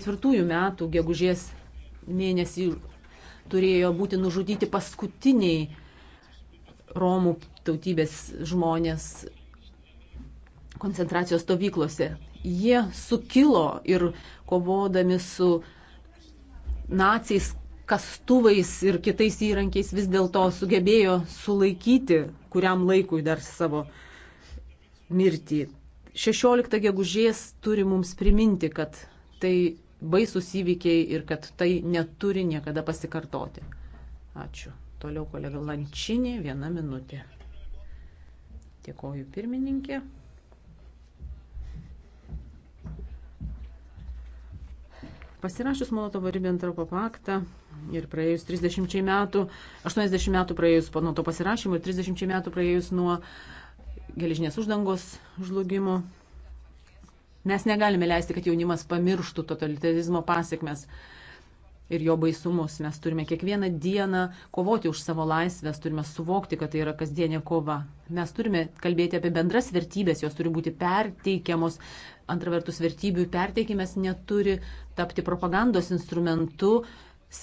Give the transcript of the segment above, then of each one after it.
2004 metų gegužės mėnesį turėjo būti nužudyti paskutiniai Romų tautybės žmonės koncentracijos stovyklose. Jie sukilo ir kovodami su naciais, kastuvais ir kitais įrankiais vis dėlto sugebėjo sulaikyti kuriam laikui dar savo mirtį. 16 gegužės turi mums priminti, kad tai baisus įvykiai ir kad tai neturi niekada pasikartoti. Ačiū. Toliau kolega Lančinė, viena minutė. Dėkoju pirmininkė. Pasirašius Molotovo Ribbentropo paktą ir praėjus 30 metų, 80 metų praėjus nuo to pasirašymo ir 30 metų praėjus nuo geležinės uždangos žlugimo, Mes negalime leisti, kad jaunimas pamirštų totalitarizmo pasiekmes ir jo baisumus. Mes turime kiekvieną dieną kovoti už savo laisvės, turime suvokti, kad tai yra kasdienė kova. Mes turime kalbėti apie bendras vertybės, jos turi būti perteikiamos. Antra vertus, vertybių perteikimas neturi tapti propagandos instrumentu,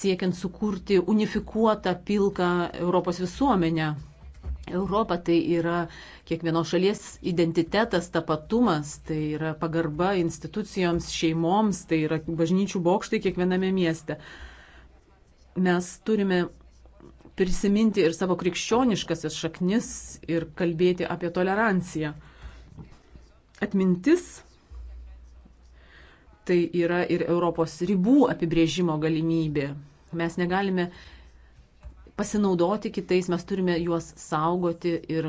siekiant sukurti unifikuotą pilką Europos visuomenę. Europa tai yra kiekvienos šalies identitetas, tapatumas, tai yra pagarba institucijoms, šeimoms, tai yra bažnyčių bokštai kiekviename mieste. Mes turime prisiminti ir savo krikščioniškasias šaknis ir kalbėti apie toleranciją. Atmintis tai yra ir Europos ribų apibrėžimo galimybė. Mes negalime pasinaudoti kitais, mes turime juos saugoti ir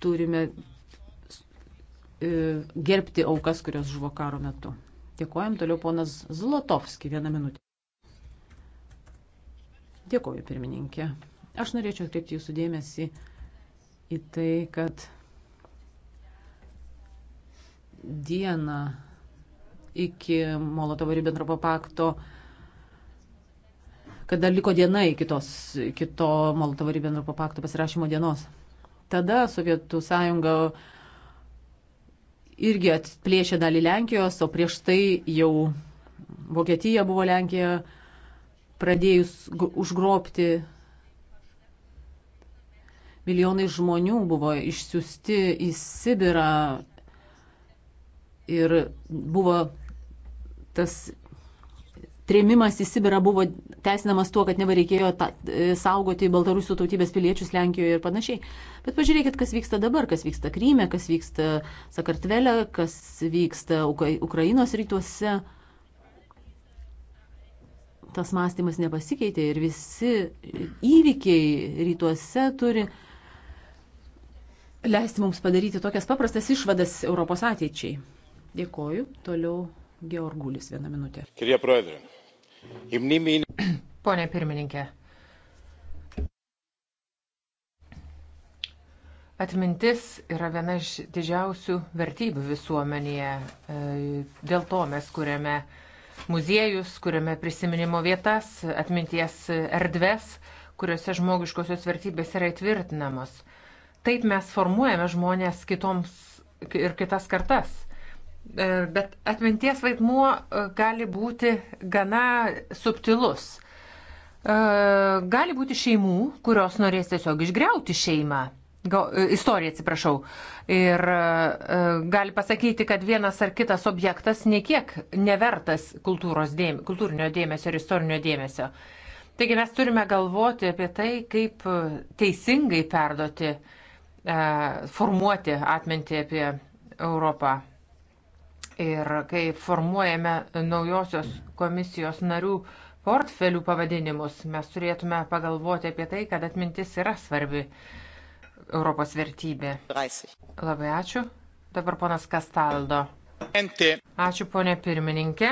turime e, gerbti aukas, kurios žuvo karo metu. Dėkojom toliau ponas Zlotovski, vieną minutę. Dėkoju, pirmininkė. Aš norėčiau atkreipti jūsų dėmesį į tai, kad dieną iki Molotovo Ribbentropo pakto, kad dar liko diena iki, tos, iki to Molotovo Ribbentropo pakto pasirašymo dienos. Tada Sovietų sąjunga irgi atplėšė dalį Lenkijos, o prieš tai jau Vokietija buvo Lenkija pradėjus užgrobti milijonai žmonių buvo išsiusti į Sibirą, ir buvo tas trėmimas į Sibirą buvo teisinamas tuo, kad nebereikėjo ta, e, saugoti baltarusių tautybės piliečius Lenkijoje ir panašiai. Bet pažiūrėkit, kas vyksta dabar, kas vyksta Kryme, kas vyksta Sakartvelė, kas vyksta Ukrainos rytuose. Tas mąstymas nepasikeitė ir visi įvykiai rytuose turi leisti mums padaryti tokias paprastas išvadas Europos ateičiai. Dėkoju. Toliau Georgulis vieną minutę. Kirie Proedrė. Imnimi... Pone pirmininkė. Atmintis yra viena iš didžiausių vertybių visuomenėje. E, dėl to mes kuriame muziejus, kuriame prisiminimo vietas, atminties erdves, kuriuose žmogiškosios vertybės yra įtvirtinamos. Taip mes formuojame žmonės kitoms ir kitas kartas E, bet atminties vaidmuo e, gali būti gana subtilus. E, gali būti šeimų, kurios norės tiesiog išgriauti šeimą. Istoriją atsiprašau. Ir gali pasakyti, kad vienas ar kitas objektas niekiek nevertas dėmesio, kultūrinio dėmesio ir istorinio dėmesio. Taigi mes turime galvoti apie tai, kaip teisingai perduoti, formuoti atmintį apie Europą ir kai formuojame naujosios komisijos narių portfelių pavadinimus, mes turėtume pagalvoti apie tai, kad atmintis yra svarbi Europos vertybė. 30. Labai ačiū. Dabar ponas Kastaldo. Ačiū ponė pirmininkė.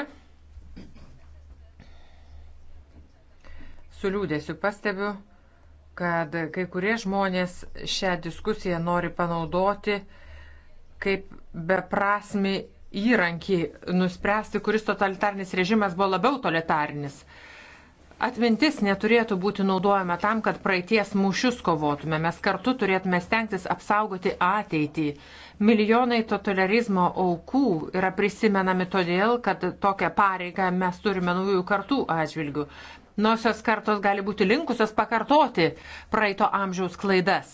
Su liūdėsiu pastebiu, kad kai kurie žmonės šią diskusiją nori panaudoti kaip beprasmi įrankį nuspręsti, kuris totalitarnis režimas buvo labiau totalitarnis. Atmintis neturėtų būti naudojama tam, kad praeities mūšius kovotume. Mes kartu turėtume stengtis apsaugoti ateitį. Milijonai totalitarizmo aukų yra prisimenami todėl, kad tokią pareigą mes turime naujų kartų atžvilgių. Nosios kartos gali būti linkusios pakartoti praeito amžiaus klaidas.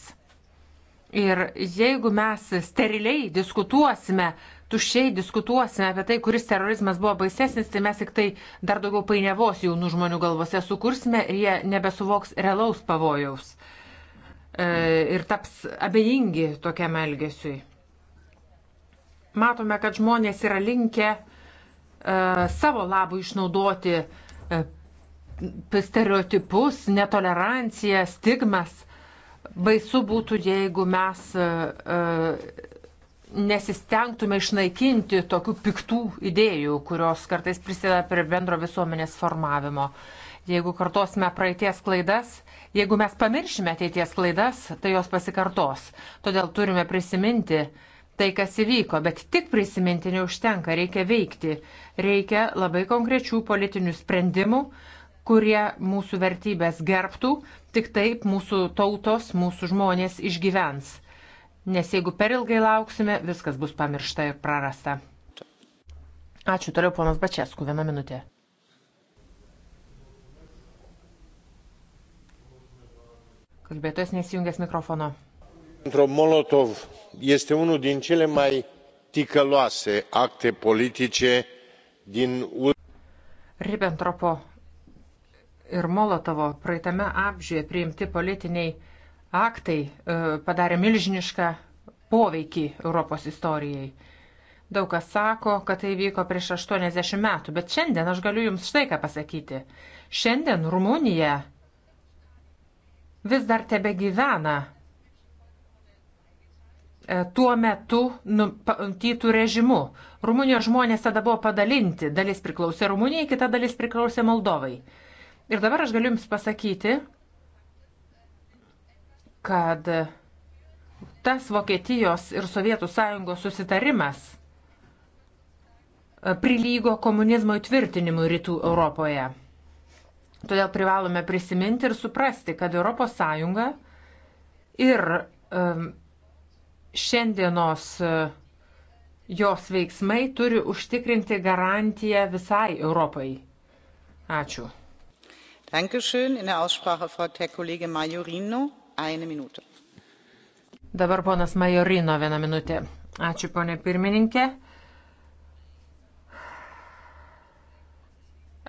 Ir jeigu mes steriliai diskutuosime, tušiai diskutuosime apie tai, kuris terorizmas buvo baisesnis, tai mes tik tai dar daugiau painiavos jaunų žmonių galvose sukursime ir jie nebesuvoks realaus pavojaus e, ir taps abejingi tokiam elgesiui. Matome, kad žmonės yra linkę e, savo labų išnaudoti e, stereotipus, netoleranciją, stigmas. Baisu būtų, jeigu mes. E, e, nesistengtume išnaikinti tokių piktų idėjų, kurios kartais prisideda prie bendro visuomenės formavimo. Jeigu kartosime praeities klaidas, jeigu mes pamiršime ateities klaidas, tai jos pasikartos. Todėl turime prisiminti tai, kas įvyko, bet tik prisiminti neužtenka, reikia veikti. Reikia labai konkrečių politinių sprendimų, kurie mūsų vertybės gerbtų, tik taip mūsų tautos, mūsų žmonės išgyvens nes jeigu per ilgai lauksime, viskas bus pamiršta ir prarasta. Ačiū, toliau ponas Bačesku, vieną minutę. Kalbėtojas nesijungęs mikrofono. Molotov este unul din cele mai ticăloase acte politice din. Ribbentropo ir Molotovo praeitame amžiuje priimti politiniai aktai e, padarė milžinišką poveikį Europos istorijai. Daug kas sako, kad tai vyko prieš 80 metų, bet šiandien aš galiu Jums štai ką pasakyti. Šiandien Rumunija vis dar tebe gyvena e, tuo metu nutytų režimu. Rumunijos žmonės tada buvo padalinti, dalis priklausė Rumunijai, kita dalis priklausė Moldovai. Ir dabar aš galiu Jums pasakyti, kad tas Vokietijos ir Sovietų sąjungos susitarimas e, prilygo komunizmo įtvirtinimui rytų Europoje. Todėl privalome prisiminti ir suprasti, kad ES ir e, šiandienos e, jos veiksmai turi užtikrinti garantiją visai Europai. Ačiū. Dankeschön. In der Aussprache Frau Kollegin Majorino. Dabar ponas Majorino vieną minutę. Ačiū, ponė pirmininkė.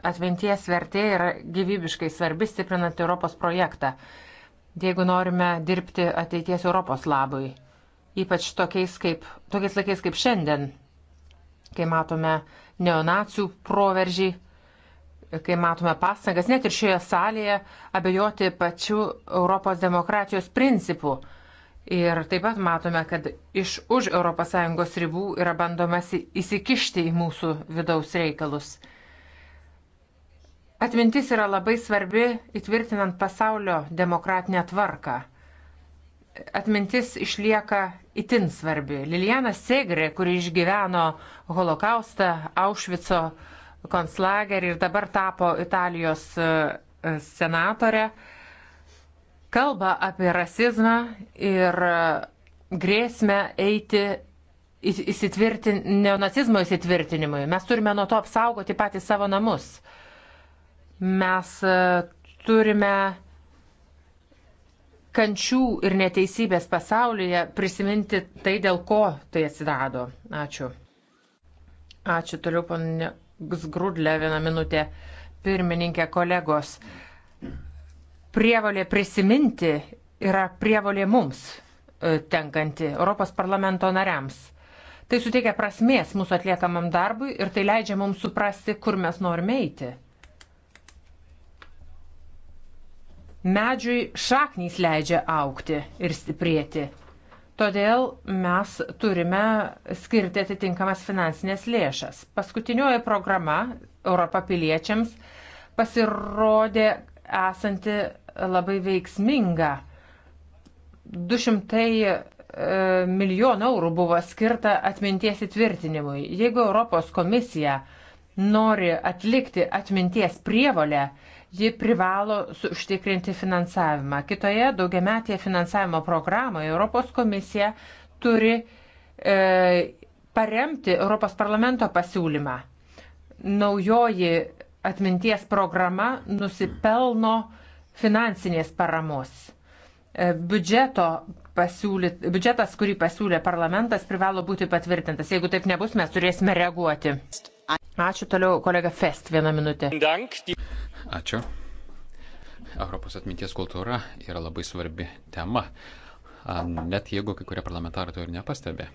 Atminties vertė yra gyvybiškai svarbi, stiprinant Europos projektą, jeigu norime dirbti ateities Europos labui. Ypač tokiais, kaip, tokiais laikais kaip šiandien, kai matome neonacijų proveržį, kai matome pastangas net ir šioje salėje abejoti pačių Europos demokratijos principų. Ir taip pat matome, kad iš už ES ribų yra bandomasi įsikišti į mūsų vidaus reikalus. Atmintis yra labai svarbi įtvirtinant pasaulio demokratinę tvarką. Atmintis išlieka itin svarbi. Liliana Segre, kuri išgyveno holokaustą, Aušvico uh, konslagerį ir dabar tapo Italijos e, e, senatorė, kalba apie rasizmą ir e, grėsmę eiti įsitvirtin, neonacizmo įsitvirtinimui. Mes turime nuo to apsaugoti patys savo namus. Mes turime kančių ir neteisybės pasaulyje prisiminti tai, dėl ko tai atsirado. Ačiū. Ačiū toliau, ponė Grudlė vieną minutę. Pirmininkė, kolegos, prievalė prisiminti yra prievalė mums e, tenkanti Europos parlamento nariams. Tai suteikia prasmės mūsų atliekamam darbui ir tai leidžia mums suprasti, kur mes norime eiti. Medžiui šaknys leidžia aukti ir stiprėti. Todėl mes turime skirti atitinkamas finansinės lėšas. Paskutinioji programa Europą piliečiams pasirodė esanti labai veiksminga. 200 e, milijonų eurų buvo skirta atminties įtvirtinimui. Jeigu Europos komisija nori atlikti atminties prievolę, ji privalo užtikrinti finansavimą. Kitoje daugiametėje finansavimo programoje Europos komisija turi e, paremti Europos parlamento pasiūlymą. Naujoji atminties programa nusipelno finansinės paramos. E, biudžeto pasiūlyt, biudžetas, kurį pasiūlė parlamentas, privalo būti patvirtintas. Jeigu taip nebus, mes turėsime reaguoti. Ačiū toliau, kolega Fest, vieną minutę. Ačiū. Europos atminties kultūra yra labai svarbi tema, net jeigu kai kurie parlamentarai to ir nepastebė.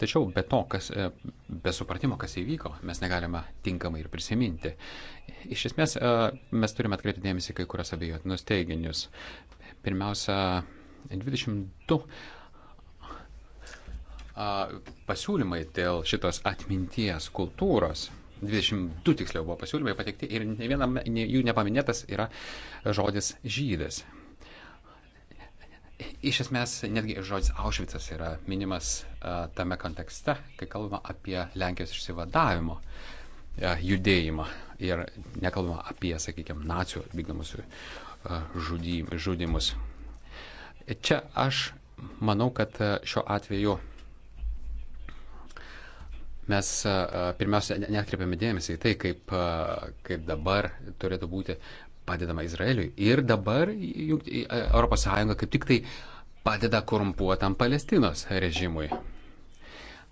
Tačiau be to, kas, e, be supratimo, kas įvyko, mes negalime tinkamai ir prisiminti. Iš esmės, e, mes turime atkreipti dėmesį kai kurias abejotinus teiginius. Pirmiausia, 22 pasiūlymai dėl šitos atminties kultūros 22 tiksliau buvo pasiūlymai pateikti ir ne vienam jų nepaminėtas yra žodis žydas. Iš esmės, netgi žodis Aušvicas yra minimas a, tame kontekste, kai kalbama apie Lenkijos išsivadavimo a, judėjimą ir nekalbama apie, sakykime, nacijų vykdomus žudymus. Čia aš manau, kad šiuo atveju Mes pirmiausia netkreipiame dėmesį į tai, kaip, kaip dabar turėtų būti padedama Izraeliui. Ir dabar ES kaip tik tai padeda korumpuotam Palestinos režimui.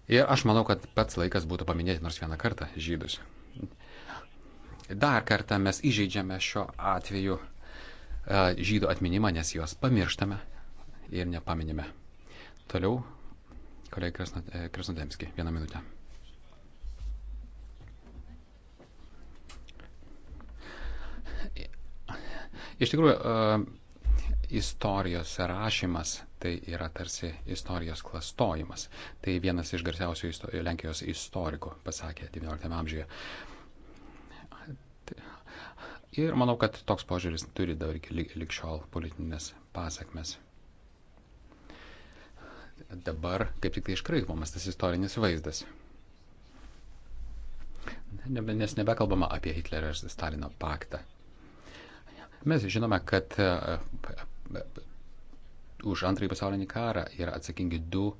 Ir aš manau, kad pats laikas būtų paminėti nors vieną kartą žydus. Dar kartą mes įžeidžiame šiuo atveju žydų atminimą, nes juos pamirštame ir nepaminime. Toliau, kolega e, Krasnodemski, vieną minutę. Iš tikrųjų, e, istorijos rašymas tai yra tarsi istorijos klastojimas. Tai vienas iš garsiausių isto Lenkijos istorikų pasakė XIX amžiuje. Ir manau, kad toks požiūris turi dar iki likščiol politinės pasakmes. Dabar kaip tik tai iškraipomas tas istorinis vaizdas. Nes nebekalbama apie Hitlerio ir Stalino paktą. Mes žinome, kad e, e, e, už antrąjį pasaulinį karą yra atsakingi du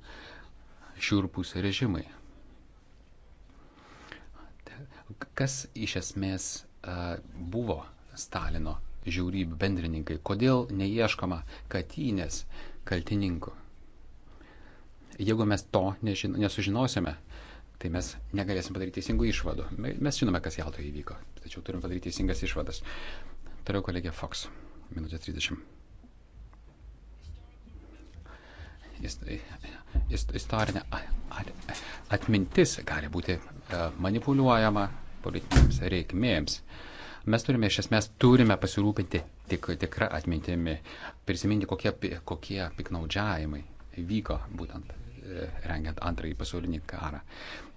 šiurpus režimai. Kas iš esmės buvo Stalino žiaurybių bendrininkai? Kodėl neieškoma katynės kaltininkų? Jeigu mes to nežino, nesužinosime, tai mes negalėsim padaryti teisingų išvadų. Mes žinome, kas Jaltoje įvyko, tačiau turim padaryti teisingas išvadas. Uh, Toliau kolegė Fox, minutė 30. Istorinė atmintis gali būti e, manipuliuojama politinėms reikmėms. Mes turime, iš esmės, turime pasirūpinti tik, tikrą atmintimį, prisiminti, kokie, kokie piknaudžiavimai vyko būtent e, rengiant antrąjį pasaulinį karą.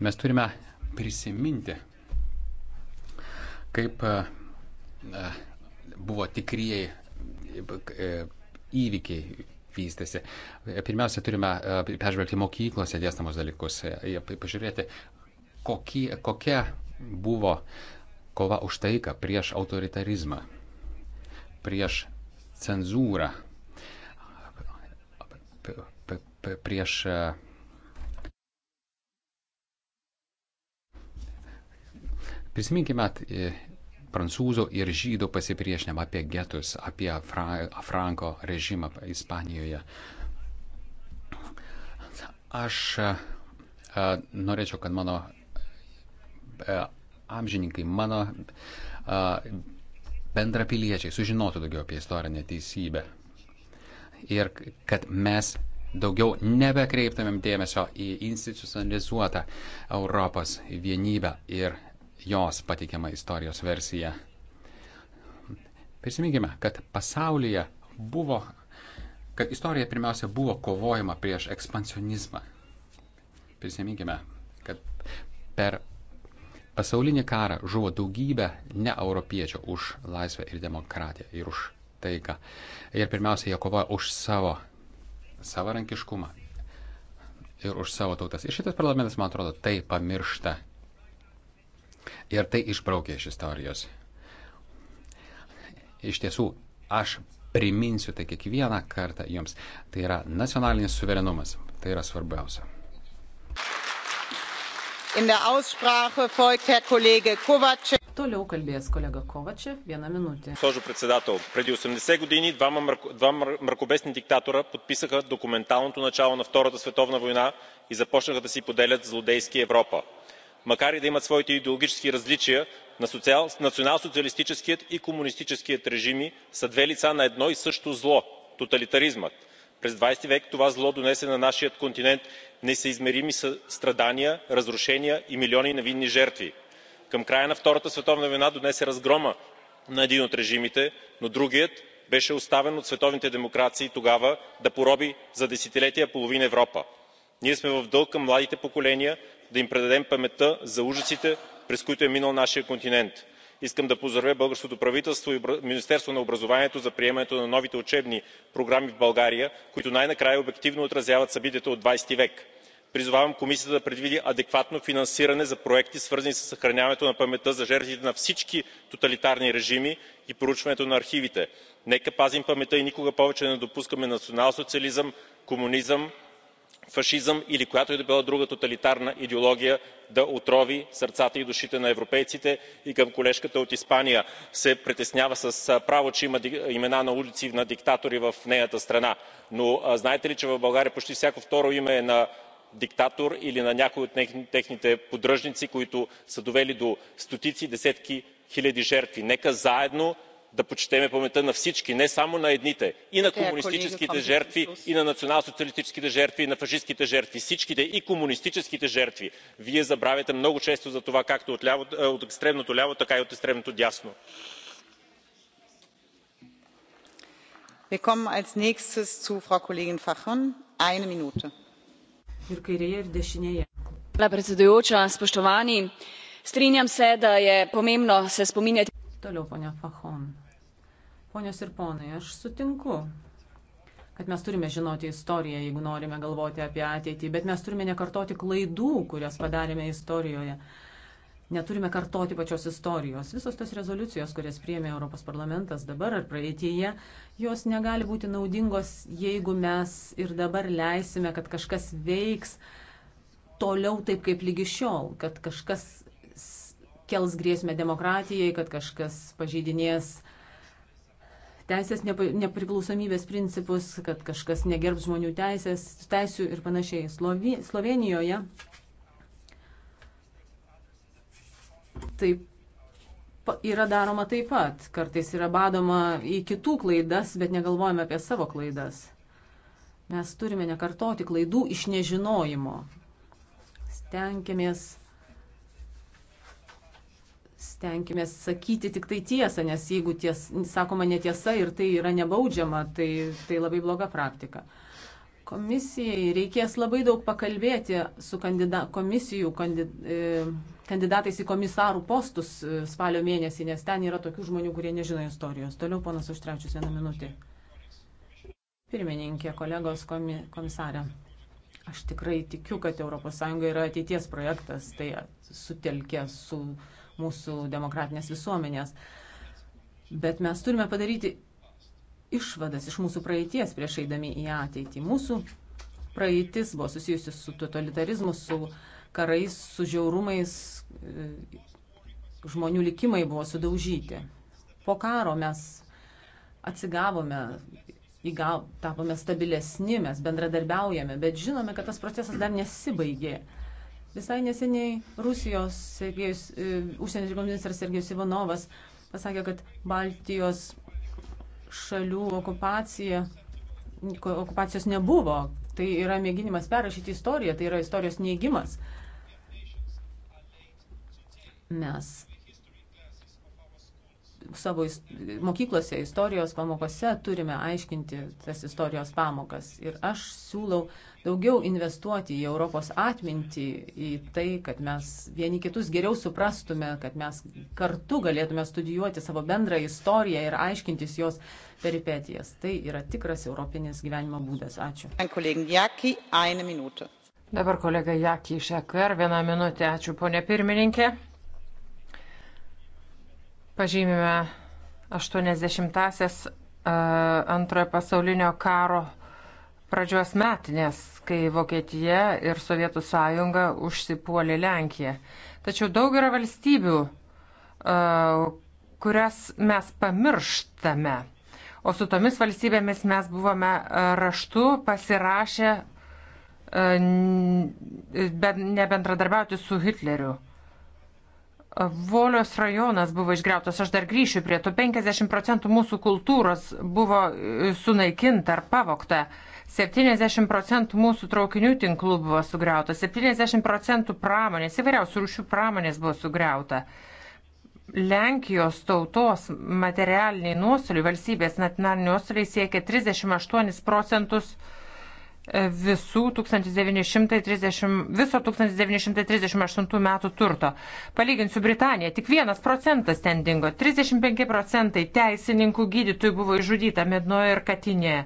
Mes turime prisiminti, kaip e, buvo tikrieji e, įvykiai vystėsi. Pirmiausia, turime e, peržvelgti mokyklose dėstamus dalykus, e, pažiūrėti, kokie, kokia buvo kova už taiką prieš autoritarizmą, prieš cenzūrą, prieš Prisiminkime prancūzų ir žydų pasipriešinimą, apie getus, apie Fra Franko režimą Ispanijoje. Aš a, e, e, norėčiau, kad mano a, e, amžininkai, mano a, bendrapiliečiai sužinotų daugiau apie istorinę teisybę. Ir kad mes daugiau nebekreiptumėm dėmesio į institucionalizuotą Europos vienybę ir jos pateikiama istorijos versija. Prisiminkime, kad pasaulyje buvo, kad istorija pirmiausia buvo kovojama prieš ekspansionizmą. Prisiminkime, kad per pasaulinį karą žuvo daugybė neeuropiečių už laisvę ir demokratiją ir už taiką. Ir pirmiausia, jie kovoja už savo savarankiškumą ir už savo tautas. Ir šitas parlamentas, man atrodo, tai pamiršta Ir tai išbraukė iš istorijos. Iš tiesų, aš priminsiu tai kiekvieną kartą jums. Tai yra nacionalinis suverenumas. Tai yra svarbiausia. Toliau kalbės kolega Kovačev, vieną minutę. Сложо председател, преди 80 години двама, двама мракобесни диктатора подписаха документалното начало на Втората световна война и започнаха да си поделят злодейски Европа макар и да имат своите идеологически различия националсоциалистическият и комунистическият режими са две лица на едно и също зло тоталитаризмът. през хх век това зло донесе на нашия континент несъизмерими страдания разрушения и милиони невинни жертви. към края на втората световна война донесе разгрома на един от режимите но другият беше оставен от световните демокрации тогава да пороби за десетилетия и половина европа. ние сме в дълг към младите поколения да им предадем паметта за ужасите през които е минал нашият континент. искам да поздравя българското правителство и министерството на образованието за приемането на новите учебни програми в българия които най накрая обективно отразяват събитията от xx век. призовавам комисията да предвиди адекватно финансиране за проекти свързани със съхраняването на паметта за жертвите на всички тоталитарни режими и проучването на архивите. нека пазим паметта и никога повече да не допускаме националсоциализъм комунизъм фашизъм или която и да било друга тоталитарна идеология да отрови сърцата и душите на европейците. и към колежката от испания се притеснява с право че има имена на улици на диктатори в нейната страна но знаете ли че в българия почти всяко второ име е на диктатор или на някой от техните поддръжници които са довели до стотици десетки хиляди жертви. нека заедно да почетем паметта на всички не само на едните и на комунистическите жертви и на националсоциалистическите жертви и на фашистките жертви всичките и комунистическите жертви. вие забравяте много често за това както от екстремното ляво така и от екстремното дясно. gospa predsedujoča spoštovani! strinjam se da je pomembno se spominjati tistih ki so nas prizadeli najhuje. Toliau, ponia Fahon. Ponios ir ponai, aš sutinku, kad mes turime žinoti istoriją, jeigu norime galvoti apie ateitį, bet mes turime nekartoti klaidų, kurias padarėme istorijoje. Neturime kartoti pačios istorijos. Visos tos rezoliucijos, kurias priėmė Europos parlamentas dabar ar praeitėje, jos negali būti naudingos, jeigu mes ir dabar leisime, kad kažkas veiks toliau taip kaip lygi šiol, kad kažkas kels grėsmę demokratijai, kad kažkas pažeidinės teisės nepriklausomybės principus, kad kažkas negerb žmonių teisės, teisių ir panašiai. Slovenijoje taip yra daroma taip pat. Kartais yra badoma į kitų klaidas, bet negalvojame apie savo klaidas. Mes turime nekartoti klaidų iš nežinojimo. Stenkėmės Stenkimės sakyti tik tai tiesą, nes jeigu ties, sakoma netiesa ir tai yra nebaudžiama, tai, tai labai bloga praktika. Komisijai reikės labai daug pakalbėti su kandida, komisijų kandid, e, kandidatais į komisarų postus e, spalio mėnesį, nes ten yra tokių žmonių, kurie nežino istorijos. Toliau ponas Užtrečius vieną minutę. Pirmininkė, kolegos komi, komisarė. Aš tikrai tikiu, kad ES yra ateities projektas, tai sutelkia su mūsų demokratinės visuomenės. Bet mes turime padaryti išvadas iš mūsų praeities prieš eidami į ateitį. Mūsų praeitis buvo susijusi su totalitarizmu, su karais, su žiaurumais, e, žmonių likimai buvo sudaužyti. Po karo mes atsigavome, įgav, tapome stabilesni, mes bendradarbiaujame, bet žinome, kad tas procesas dar nesibaigė. Visai neseniai Rusijos Sergejus, e, užsienio reikalų ministras Sergejus Ivanovas pasakė, kad Baltijos šalių okupacija, okupacijos nebuvo. Tai yra mėginimas perrašyti istoriją, tai yra istorijos neigimas. Mes savo mokyklose, istorijos pamokose turime aiškinti tas istorijos pamokas. Ir aš siūlau daugiau investuoti į Europos atmintį, į tai, kad mes vieni kitus geriau suprastume, kad mes kartu galėtume studijuoti savo bendrą istoriją ir aiškintis jos peripetijas. Tai yra tikras europinis gyvenimo būdas. Ačiū. Dabar kolega Jakį iš EKR, vieną minutę. Ačiū, ponė pirmininkė pažymime 80-asias e, antrojo pasaulinio karo pradžios metinės, kai Vokietija ir Sovietų sąjunga užsipuolė Lenkiją. Tačiau daug yra valstybių, e, kurias mes pamirštame. O su tomis valstybėmis mes buvome e, raštu pasirašę nebendradarbiauti su Hitleriu. Volios rajonas buvo išgriautas, aš dar grįšiu prie to, 50 procentų mūsų kultūros buvo e, sunaikinta ar pavokta, 70 procentų mūsų traukinių tinklų buvo sugriauta, 70 procentų pramonės, įvairiausių rūšių pramonės buvo sugriauta. Lenkijos tautos materialiniai nuostoliai, valstybės nacionaliniai nuostoliai siekia 38 procentus uh, visų 1930, viso 1938 metų turto. Palyginsiu Britaniją, tik vienas procentas ten dingo. 35 procentai teisininkų gydytojų buvo išžudyta Mednoje ir Katinėje.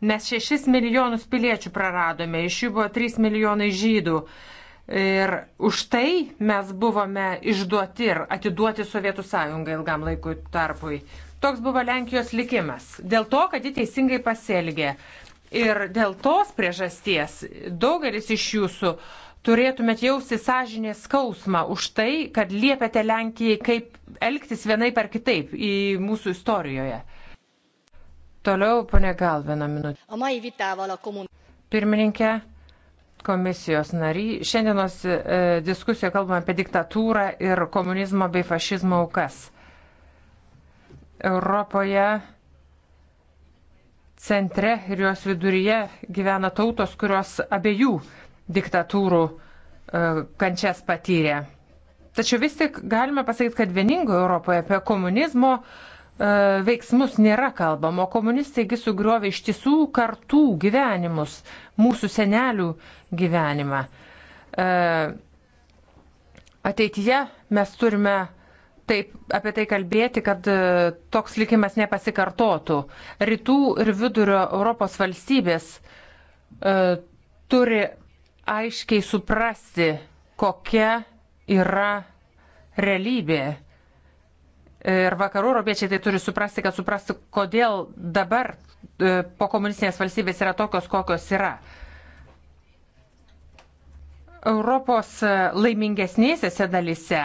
Mes 6 milijonus piliečių praradome, iš jų buvo 3 milijonai žydų. Ir už tai mes buvome išduoti ir atiduoti Sovietų sąjungą ilgam laikui tarpui. Toks buvo Lenkijos likimas. Dėl to, kad ji teisingai pasielgė. Ir dėl tos priežasties daugelis iš jūsų turėtumėt jausti sąžinės skausmą už tai, kad liepėte Lenkijai kaip elgtis vienai per kitaip į mūsų istorijoje. Toliau, ponė Gal, vieną minutę. Pirmininkė, komisijos nary, šiandienos e, diskusijoje kalbame apie diktatūrą ir komunizmo bei fašizmo aukas. Europoje centre ir jos viduryje gyvena tautos, kurios abiejų diktatūrų e, kančias patyrė. Tačiau vis tik galime pasakyti, kad vieningo Europoje apie komunizmo e, veiksmus nėra kalbama, o komunistai sugriovė iš tiesų kartų gyvenimus, mūsų senelių gyvenimą. E, ateityje mes turime taip apie tai kalbėti, kad e, toks likimas nepasikartotų. Rytų ir vidurio Europos valstybės e, turi aiškiai suprasti, kokia yra realybė. Ir vakarų europiečiai tai turi suprasti, kad suprasti, kodėl dabar e, po komunistinės valstybės yra tokios, kokios yra. Europos laimingesnėse dalyse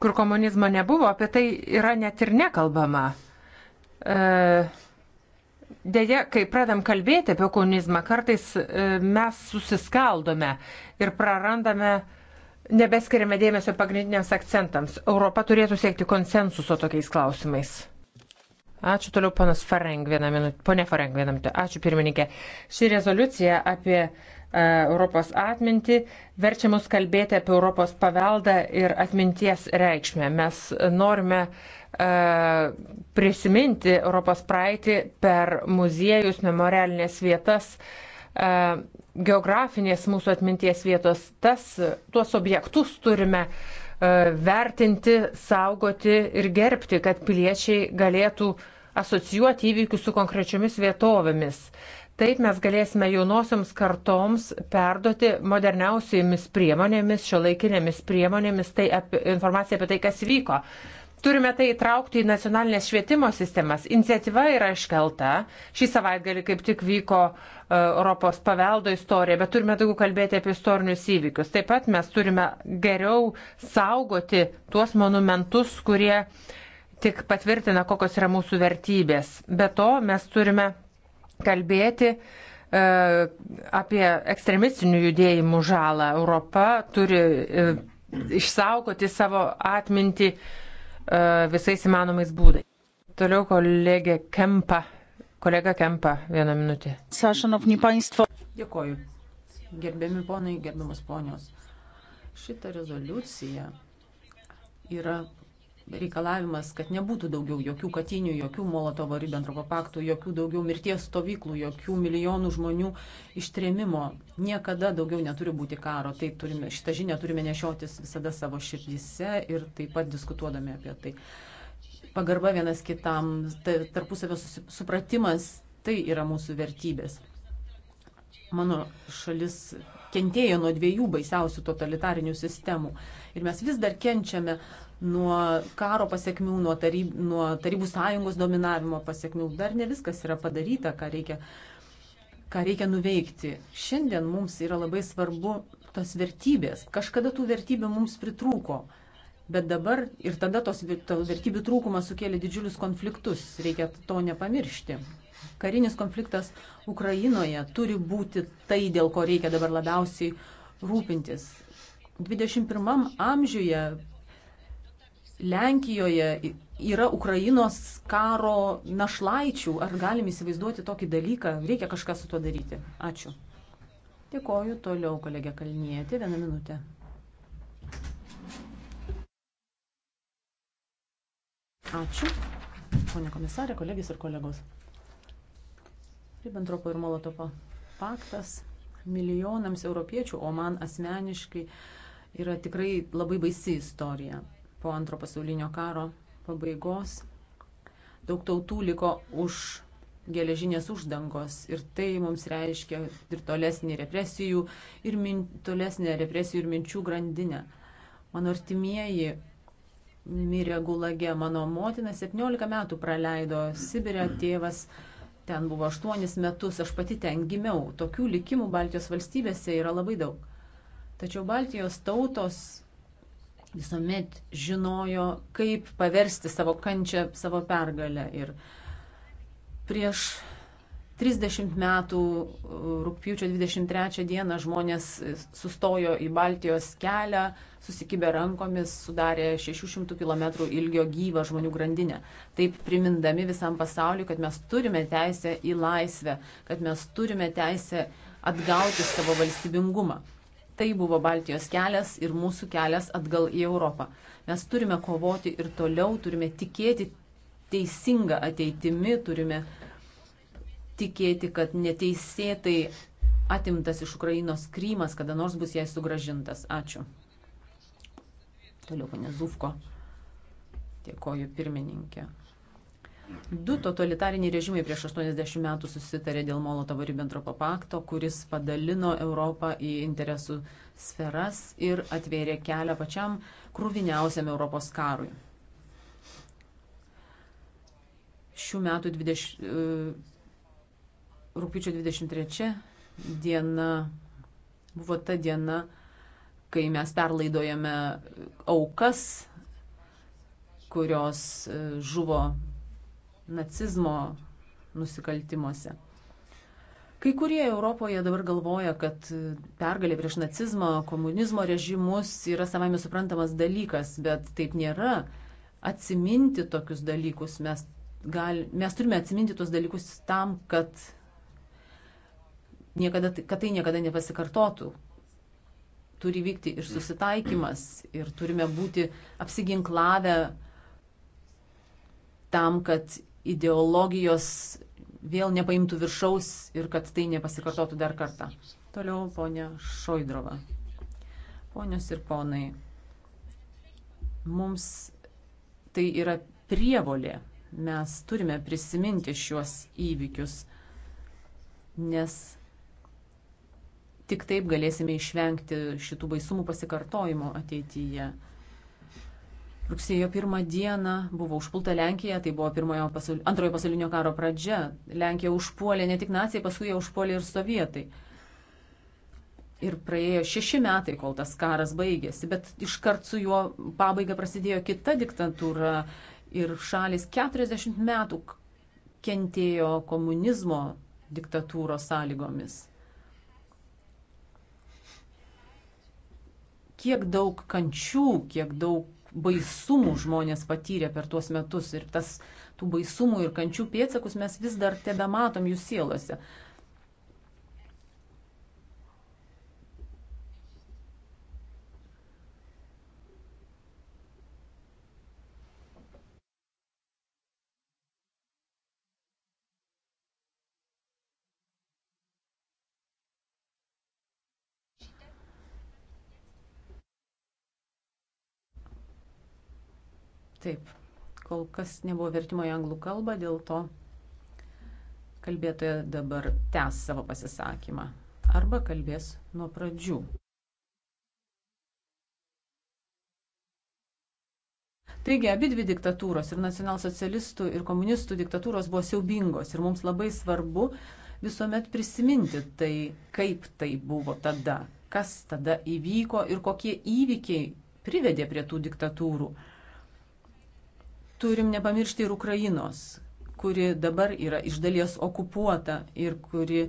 kur komunizmo nebuvo, apie tai yra net ir nekalbama. E, Deja, kai pradam kalbėti apie komunizmą, kartais e, mes susiskaldome ir prarandame, nebeskiriame dėmesio pagrindiniams akcentams. Europa turėtų siekti konsensuso tokiais klausimais. Ačiū toliau, ponas Fareng, vieną minutę. Pone Fareng, vieną minutę. Ačiū pirmininkė. Ši rezoliucija apie E, Europos atmintį, verčia mus kalbėti apie Europos paveldą ir atminties reikšmę. Mes norime e, prisiminti Europos praeitį per muziejus, memorialinės vietas, e, geografinės mūsų atminties vietos. Tas, tuos objektus turime vertinti, saugoti ir gerbti, kad piliečiai galėtų asocijuoti įvykius su konkrečiomis vietovėmis. Uh, Taip mes galėsime jaunosioms kartoms perduoti moderniausiomis priemonėmis, šio laikinėmis priemonėmis, tai apie, informacija apie tai, kas vyko. Turime tai įtraukti į nacionalinės švietimo sistemas. Iniciatyva yra iškelta. Šį savaitgalį kaip tik vyko uh, Europos paveldo istorija, bet turime daugiau kalbėti apie istorinius įvykius. Taip pat mes turime geriau saugoti tuos monumentus, kurie tik patvirtina, kokios yra mūsų vertybės. Be to mes turime kalbėti e, apie ekstremistinių judėjimų žalą. Europa turi e, išsaugoti savo atmintį e, visais įmanomais būdais. Toliau kolegė Kempa. Kolega Kempa, vieną minutę. Dėkoju. Gerbiami ponai, gerbiamas ponios. Šita rezoliucija yra reikalavimas, kad nebūtų daugiau jokių katinių, jokių Molotovo Ribbentropo paktų, jokių daugiau mirties stovyklų, jokių milijonų žmonių ištrėmimo. Niekada daugiau neturi būti karo. Tai turime, šitą žinią turime nešiotis visada savo širdyse ir taip pat diskutuodami apie tai. Pagarba vienas kitam, tarpusavio supratimas, tai yra mūsų vertybės. Mano šalis kentėjo nuo dviejų baisiausių totalitarinių sistemų. Ir mes vis dar kenčiame nuo karo pasiekmių, nuo, taryb, nuo Tarybų sąjungos dominavimo pasiekmių. Dar ne viskas yra padaryta, ką reikia, ką reikia nuveikti. Šiandien mums yra labai svarbu tos vertybės. Kažkada tų vertybių mums pritrūko. Bet dabar ir tada tos, tos vertybių trūkumas sukėlė didžiulius konfliktus. Reikia to nepamiršti. Karinis konfliktas Ukrainoje turi būti tai, dėl ko reikia dabar labiausiai rūpintis. 21 amžiuje Lenkijoje yra Ukrainos karo našlaičių. Ar galim įsivaizduoti tokį dalyką? Reikia kažką su tuo daryti. Ačiū. Dėkoju toliau, kolegė Kalnietė. Vieną minutę. Ačiū. Pone komisarė, kolegės ir kolegos. Ribbentropo ir Molotovo paktas milijonams europiečių, o man asmeniškai yra tikrai labai baisi istorija. Po antro pasaulinio karo pabaigos daug tautų liko už geležinės uždangos ir tai mums reiškia ir tolesnį represijų ir min, tolesnę represijų ir minčių grandinę. Mano artimieji mirė gulage, mano motina 17 metų praleido Sibirę, tėvas Ten buvo aštuonis metus, aš pati ten gimiau. Tokių likimų Baltijos valstybėse yra labai daug. Tačiau Baltijos tautos visuomet žinojo, kaip paversti savo kančią, savo pergalę. Ir prieš 30 metų e, rūpjūčio 23 dieną žmonės e, sustojo į Baltijos kelią, susikibę rankomis, sudarė 600 km ilgio gyvą žmonių grandinę. Taip primindami visam pasauliu, kad mes turime teisę į laisvę, kad mes turime teisę atgauti savo valstybingumą. Tai buvo Baltijos kelias ir mūsų kelias atgal į Europą. Mes turime kovoti ir toliau, turime tikėti teisinga ateitimi, turime uh, tikėti, kad neteisėtai atimtas iš Ukrainos Krymas kada nors bus jai sugražintas. Ačiū. Toliau, ponė Zufko. Dėkoju, pirmininkė. Du totalitariniai režimai prieš 80 metų susitarė dėl Molotovo Ribbentropo pakto, kuris padalino Europą į interesų sferas ir atvėrė kelią pačiam krūviniausiam Europos karui. Šių metų 20, Rūpiučio 23 diena buvo ta diena, kai mes perlaidojame aukas, kurios e, žuvo nacizmo nusikaltimuose. Kai kurie Europoje dabar galvoja, kad e, pergalė prieš nacizmą, komunizmo režimus yra savame suprantamas dalykas, bet taip nėra. Atsiminti tokius dalykus mes, gal, mes turime atsiminti tos dalykus tam, kad niekada, tai, kad tai niekada nepasikartotų. Turi vykti ir susitaikymas, ir turime būti apsiginklavę tam, kad ideologijos vėl nepaimtų viršaus ir kad tai nepasikartotų dar kartą. Toliau ponia Šoidrova. Ponios ir ponai, mums tai yra prievolė. Mes turime prisiminti šiuos įvykius, nes Tik taip galėsime išvengti šitų baisumų pasikartojimo ateityje. Rugsėjo pirmą dieną buvo užpulta Lenkija, tai buvo pasaulinio, antrojo pasaulinio karo pradžia. Lenkija užpuolė ne tik nacijai, paskui ją užpuolė ir sovietai. Ir praėjo šeši metai, kol tas karas baigėsi, bet iškart su juo pabaiga prasidėjo kita diktatūra ir šalis 40 metų kentėjo komunizmo diktatūros sąlygomis. kiek daug kančių, kiek daug baisumų žmonės patyrė per tuos metus ir tas tų baisumų ir kančių pėtsakus mes vis dar tebe matom jų sielose. Taip, kol kas nebuvo vertimo į anglų kalbą, dėl to kalbėtoja dabar tęs savo pasisakymą arba kalbės nuo pradžių. Taigi abi dvi diktatūros ir nacionalsocialistų ir komunistų diktatūros buvo siaubingos ir mums labai svarbu visuomet prisiminti tai, kaip tai buvo tada, kas tada įvyko ir kokie įvykiai privedė prie tų diktatūrų turim nepamiršti ir Ukrainos, kuri dabar yra iš dalies okupuota ir kuri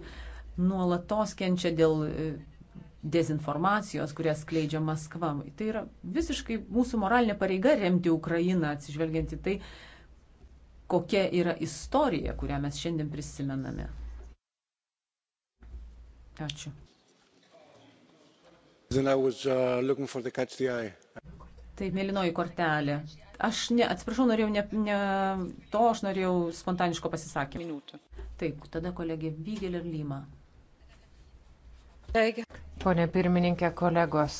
nuolatos kenčia dėl e, dezinformacijos, kurias skleidžia Maskva. Tai yra visiškai mūsų moralinė pareiga remti Ukrainą, atsižvelgiant į tai, kokia yra istorija, kurią mes šiandien prisimename. Ačiū. Was, uh, tai mėlynoji kortelė. Aš ne, atsiprašau, norėjau ne, ne to, aš norėjau spontaniško pasisakymą. Minutė. Taip, tada kolegė Vygel ir Lyma. Pone pirmininkė, kolegos,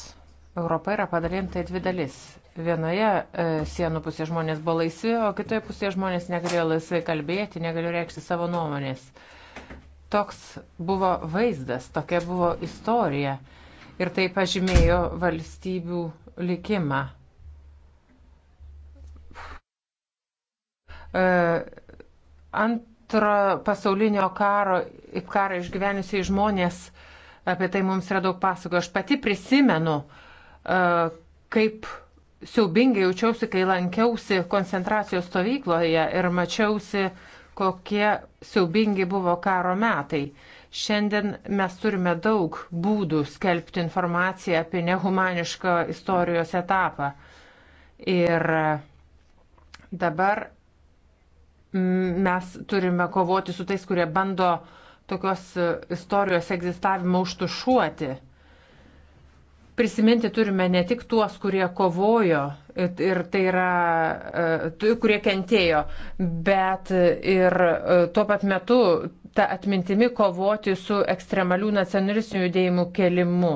Europa yra padalinta į dvi dalis. Vienoje e, sienų pusėje žmonės buvo laisvi, o kitoje pusėje žmonės negalėjo laisvai kalbėti, negalėjo reikšti savo nuomonės. Toks buvo vaizdas, tokia buvo istorija ir tai pažymėjo valstybių likimą. E, antro pasaulinio karo, karą išgyvenusiai žmonės apie tai mums yra daug pasako. Aš pati prisimenu, e, kaip siaubingai jaučiausi, kai lankiausi koncentracijos stovykloje ir mačiausi, kokie siaubingi buvo karo metai. Šiandien mes turime daug būdų skelbti informaciją apie nehumanišką istorijos etapą. Ir dabar mes turime kovoti su tais, kurie bando tokios e, istorijos egzistavimą užtušuoti. Prisiminti turime ne tik tuos, kurie kovojo e, ir tai yra, e, kurie kentėjo, bet ir tuo pat metu tą atmintimi kovoti su ekstremalių nacionalistinių judėjimų kelimu.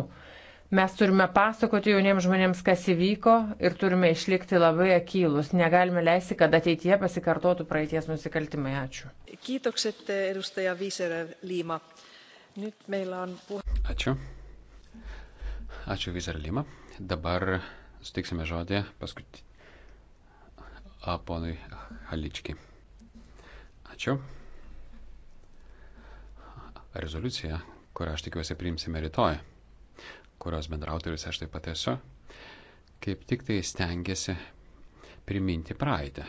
Mes turime pasakoti jauniems žmonėms, kas įvyko ir turime išlikti labai akylus. Negalime leisti, kad ateityje pasikartotų praeities nusikaltimai. Ačiū. Kiitokset, edustaja Viserev Lyma. Nyt meillä on puhe... Ačiū. Ačiū Viserev Lyma. Dabar sutiksime žodį paskutinį ponui Halički. Ačiū. Rezoliucija, kurią aš tikiuosi priimsime rytoj, kurios bendrautorius aš taip pat esu, kaip tik tai stengiasi priminti praeitį.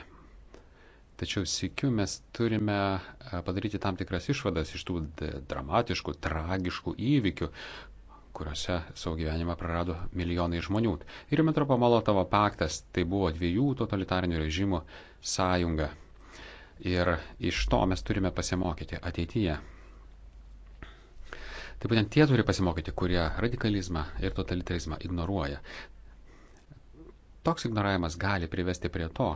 Tačiau sikiu mes turime e, padaryti tam tikras išvadas iš tų dramatiškų, tragiškų įvykių, kuriuose savo gyvenimą prarado milijonai žmonių. Ir Metropo Molotovo paktas tai buvo dviejų totalitarinių režimų sąjunga. Ir iš to mes turime pasimokyti ateityje. Tai būtent tie turi pasimokyti, kurie radikalizmą ir totalitarizmą ignoruoja. Toks ignoravimas gali privesti prie to,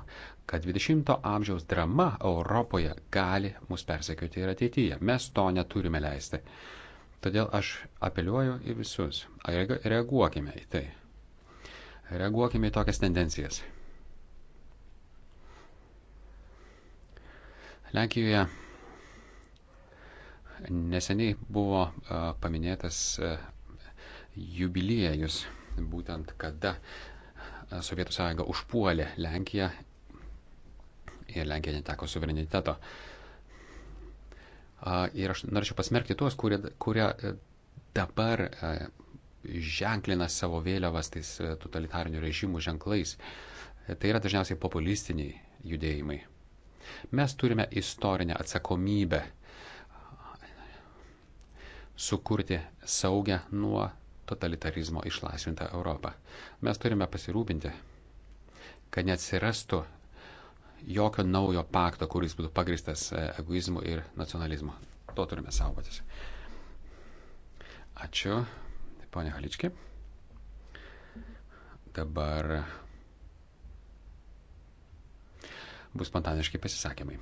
kad 20-ojo amžiaus drama Europoje gali mus persekioti ir ateityje. Mes to neturime leisti. Todėl aš apeliuoju į visus. Reaguokime į tai. Reaguokime į tokias tendencijas. Lenkijoje Neseniai buvo paminėtas jubiliejus, būtent kada Sovietų sąjunga užpuolė Lenkiją ir Lenkija neteko suvereniteto. Ir aš norėčiau pasmerkti tuos, kurie, kurie dabar ženklina savo vėliavas tais totalitarinių režimų ženklais. Tai yra dažniausiai populistiniai judėjimai. Mes turime istorinę atsakomybę sukurti saugę nuo totalitarizmo išlaisvintą Europą. Mes turime pasirūpinti, kad neatsirastų jokio naujo pakto, kuris būtų pagristas e, egoizmu ir nacionalizmu. To turime saugotis. Ačiū, ponia Haličkė. Dabar bus spontaniški pasisakymai.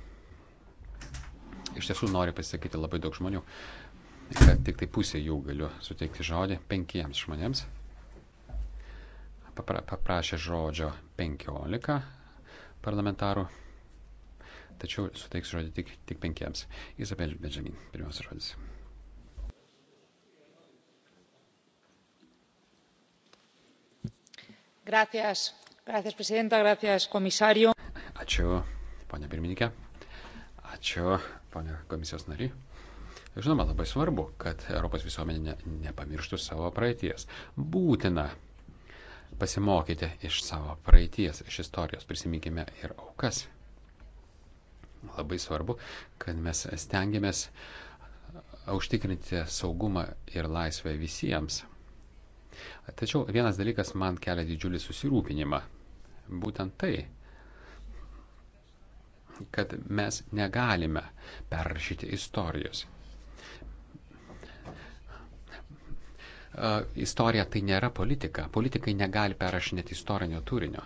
Iš tiesų nori pasisakyti labai daug žmonių. Uh, tik tai pusė jų galiu suteikti žodį penkiems žmonėms. Papra, paprašė žodžio penkiolika parlamentarų, tačiau suteiksiu žodį tik, tik penkiems. Izabel Benjamin, pirmas žodis. señora presidenta señor comisario ačiū pone pirmininke ačiū pone komisijos nary Žinoma, labai svarbu, kad Europos visuomenė nepamirštų savo praeities. Būtina pasimokyti iš savo praeities, iš istorijos, prisiminkime ir aukas. Labai svarbu, kad mes stengiamės užtikrinti saugumą ir laisvę visiems. Tačiau vienas dalykas man kelia didžiulį susirūpinimą. Būtent tai, kad mes negalime perrašyti istorijos. istorija tai nėra politika. Politikai negali perrašinėti istorinio turinio.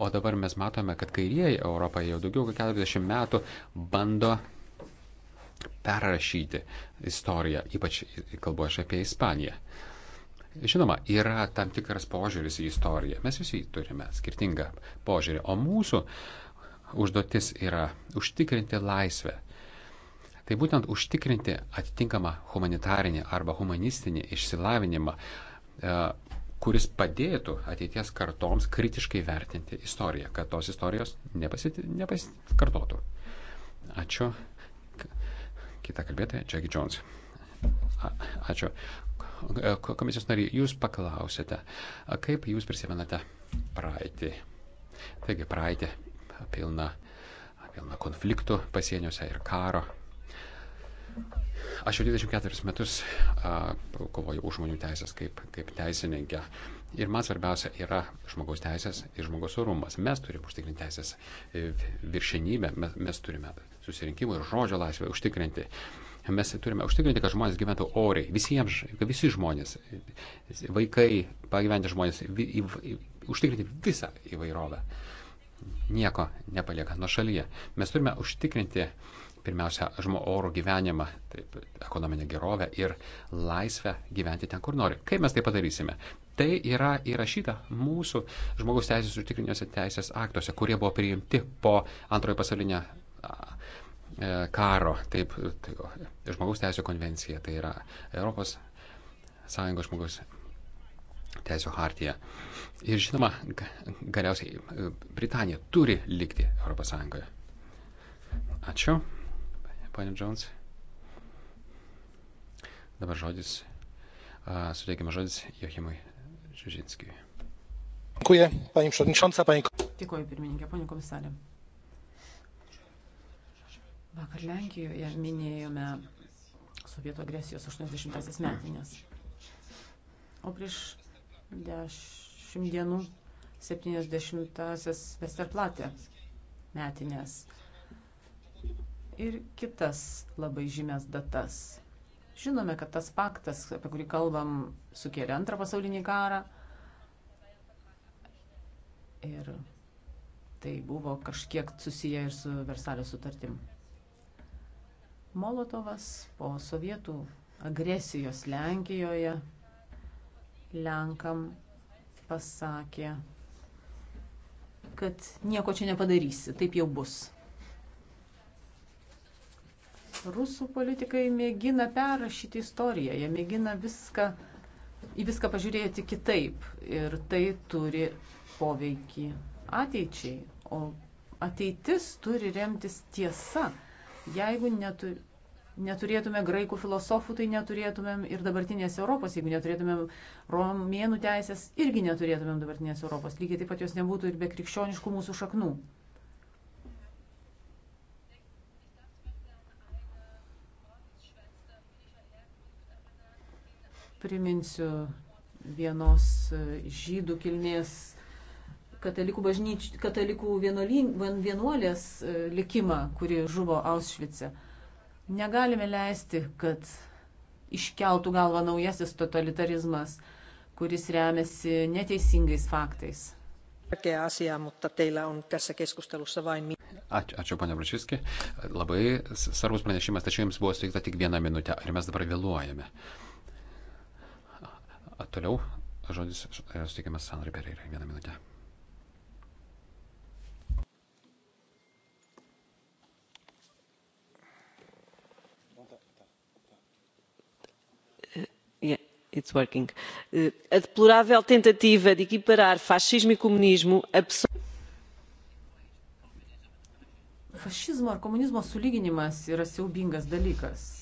O dabar mes matome, kad kairieji Europoje jau daugiau kaip 40 metų bando perrašyti istoriją, ypač kalbu aš apie Ispaniją. Žinoma, yra tam tikras požiūris į istoriją. Mes visi turime skirtingą požiūrį. O mūsų užduotis yra užtikrinti laisvę Tai būtent užtikrinti atitinkamą humanitarinį arba humanistinį išsilavinimą, e, kuris padėtų ateities kartoms kritiškai vertinti istoriją, kad tos istorijos nepasikartotų. Ačiū. Kita kalbėtoja, Jackie Jones. Ačiū. Komisijos nariai, jūs paklausėte, kaip jūs prisimenate praeitį. Taigi praeitį pilna, pilna konfliktų pasieniuose ir karo. Aš jau 24 metus a, kovoju už žmonių teisės kaip, kaip teisininkė. Ir man svarbiausia yra žmogaus teisės ir žmogaus orumas. Mes turime užtikrinti teisės e, viršenybę, mes, mes turime susirinkimo ir žodžio laisvę užtikrinti. Mes turime užtikrinti, kad žmonės gyventų oriai. Visiems, visi žmonės, vaikai, pagyventi žmonės, vi, į, užtikrinti visą įvairovę. Nieko nepaliekant nuo šalyje. Mes turime užtikrinti uh, pirmiausia, žmo oro gyvenimą, taip, ekonominę gerovę ir laisvę gyventi ten, kur nori. Kaip mes tai padarysime? Tai yra įrašyta mūsų žmogaus teisės užtikriniuose teisės aktuose, kurie buvo priimti po antrojo pasaulinio e, karo, taip, tai, žmogaus teisų konvencija, tai yra Europos Sąjungos žmogaus teisų hartija. Ir žinoma, galiausiai e, Britanija turi likti Europos Sąjungoje. Ačiū ponė Jones. Dabar žodis, suteikime žodis Jochimui Žižinskijui. Dziękuję, pani przewodnicząca, pani... Dziękuję, pirmininkė, pani komisarė. Vakar Lenkijoje minėjome sovietų agresijos 80-asias metinės. O prieš dešimt dienų 70-asias Vesterplatė metinės ir kitas labai žymės datas. Žinome, kad tas paktas, apie kurį kalbam, sukėlė antrą pasaulinį karą. Ir tai buvo kažkiek susiję ir su Versalio sutartim. Molotovas po sovietų agresijos Lenkijoje Lenkam pasakė, kad nieko čia nepadarysi, taip jau bus. Rusų politikai mėgina perrašyti istoriją, jie mėgina viską, į viską pažiūrėti kitaip ir tai turi poveikį ateičiai, o ateitis turi remtis tiesa. Jeigu netu, neturėtume graikų filosofų, tai neturėtumėm ir dabartinės Europos, jeigu neturėtumėm romėnų teisės, irgi neturėtumėm dabartinės Europos, lygiai taip pat jos nebūtų ir be krikščioniškų mūsų šaknų. Priminsiu vienos e, žydų kilmės katalikų, bažnyč, katalikų vienuolin, vienuolės e, likimą, kuri žuvo Aušvice. Negalime leisti, kad iškeltų galvą naujasis totalitarizmas, kuris remiasi neteisingais faktais. Ačiū, ačiū ponia Bračiski. Labai svarbus pranešimas, tačiau jums buvo suteikta tik viena minutė. Ar mes dabar vėluojame? A, toliau žodis e, suteikiamas Sandrai Pereirai. Vieną minutę. E, it's working e, a deplorável tentativa de equiparar fascismo e comunismo a fašizmo ir komunizmo sulyginimas yra siaubingas dalykas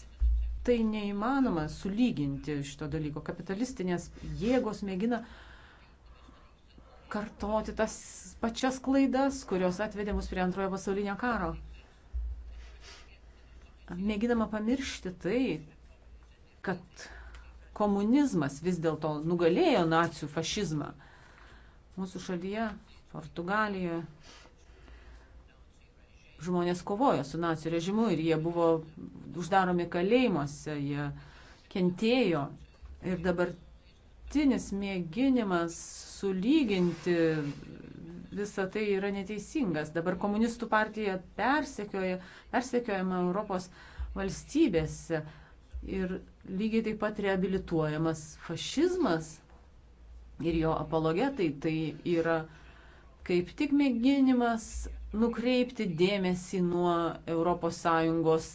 tai neįmanoma sulyginti šito dalyko. Kapitalistinės jėgos mėgina kartoti tas pačias klaidas, kurios atvedė mus prie antrojo pasaulinio karo. Mėginama pamiršti tai, kad komunizmas vis dėlto nugalėjo nacijų fašizmą. Mūsų šalyje, Portugalijoje, žmonės kovojo su nacijų režimu ir jie buvo uždaromi kalėjimuose, jie kentėjo. Ir dabartinis mėginimas sulyginti visą tai yra neteisingas. Dabar komunistų partija persekioja, persekiojama Europos valstybėse ir lygiai taip pat reabilituojamas fašizmas ir jo apologetai. Tai yra kaip tik mėginimas nukreipti dėmesį nuo ES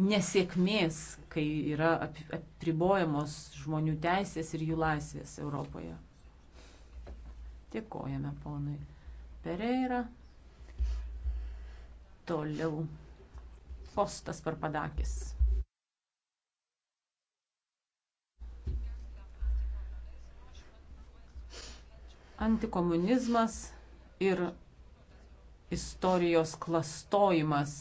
nesėkmės, kai yra apribojamos žmonių teisės ir jų laisvės Europoje. Dėkojame ponui Pereira. Toliau. Fostas Parpadakis. Antikomunizmas ir istorijos klastojimas.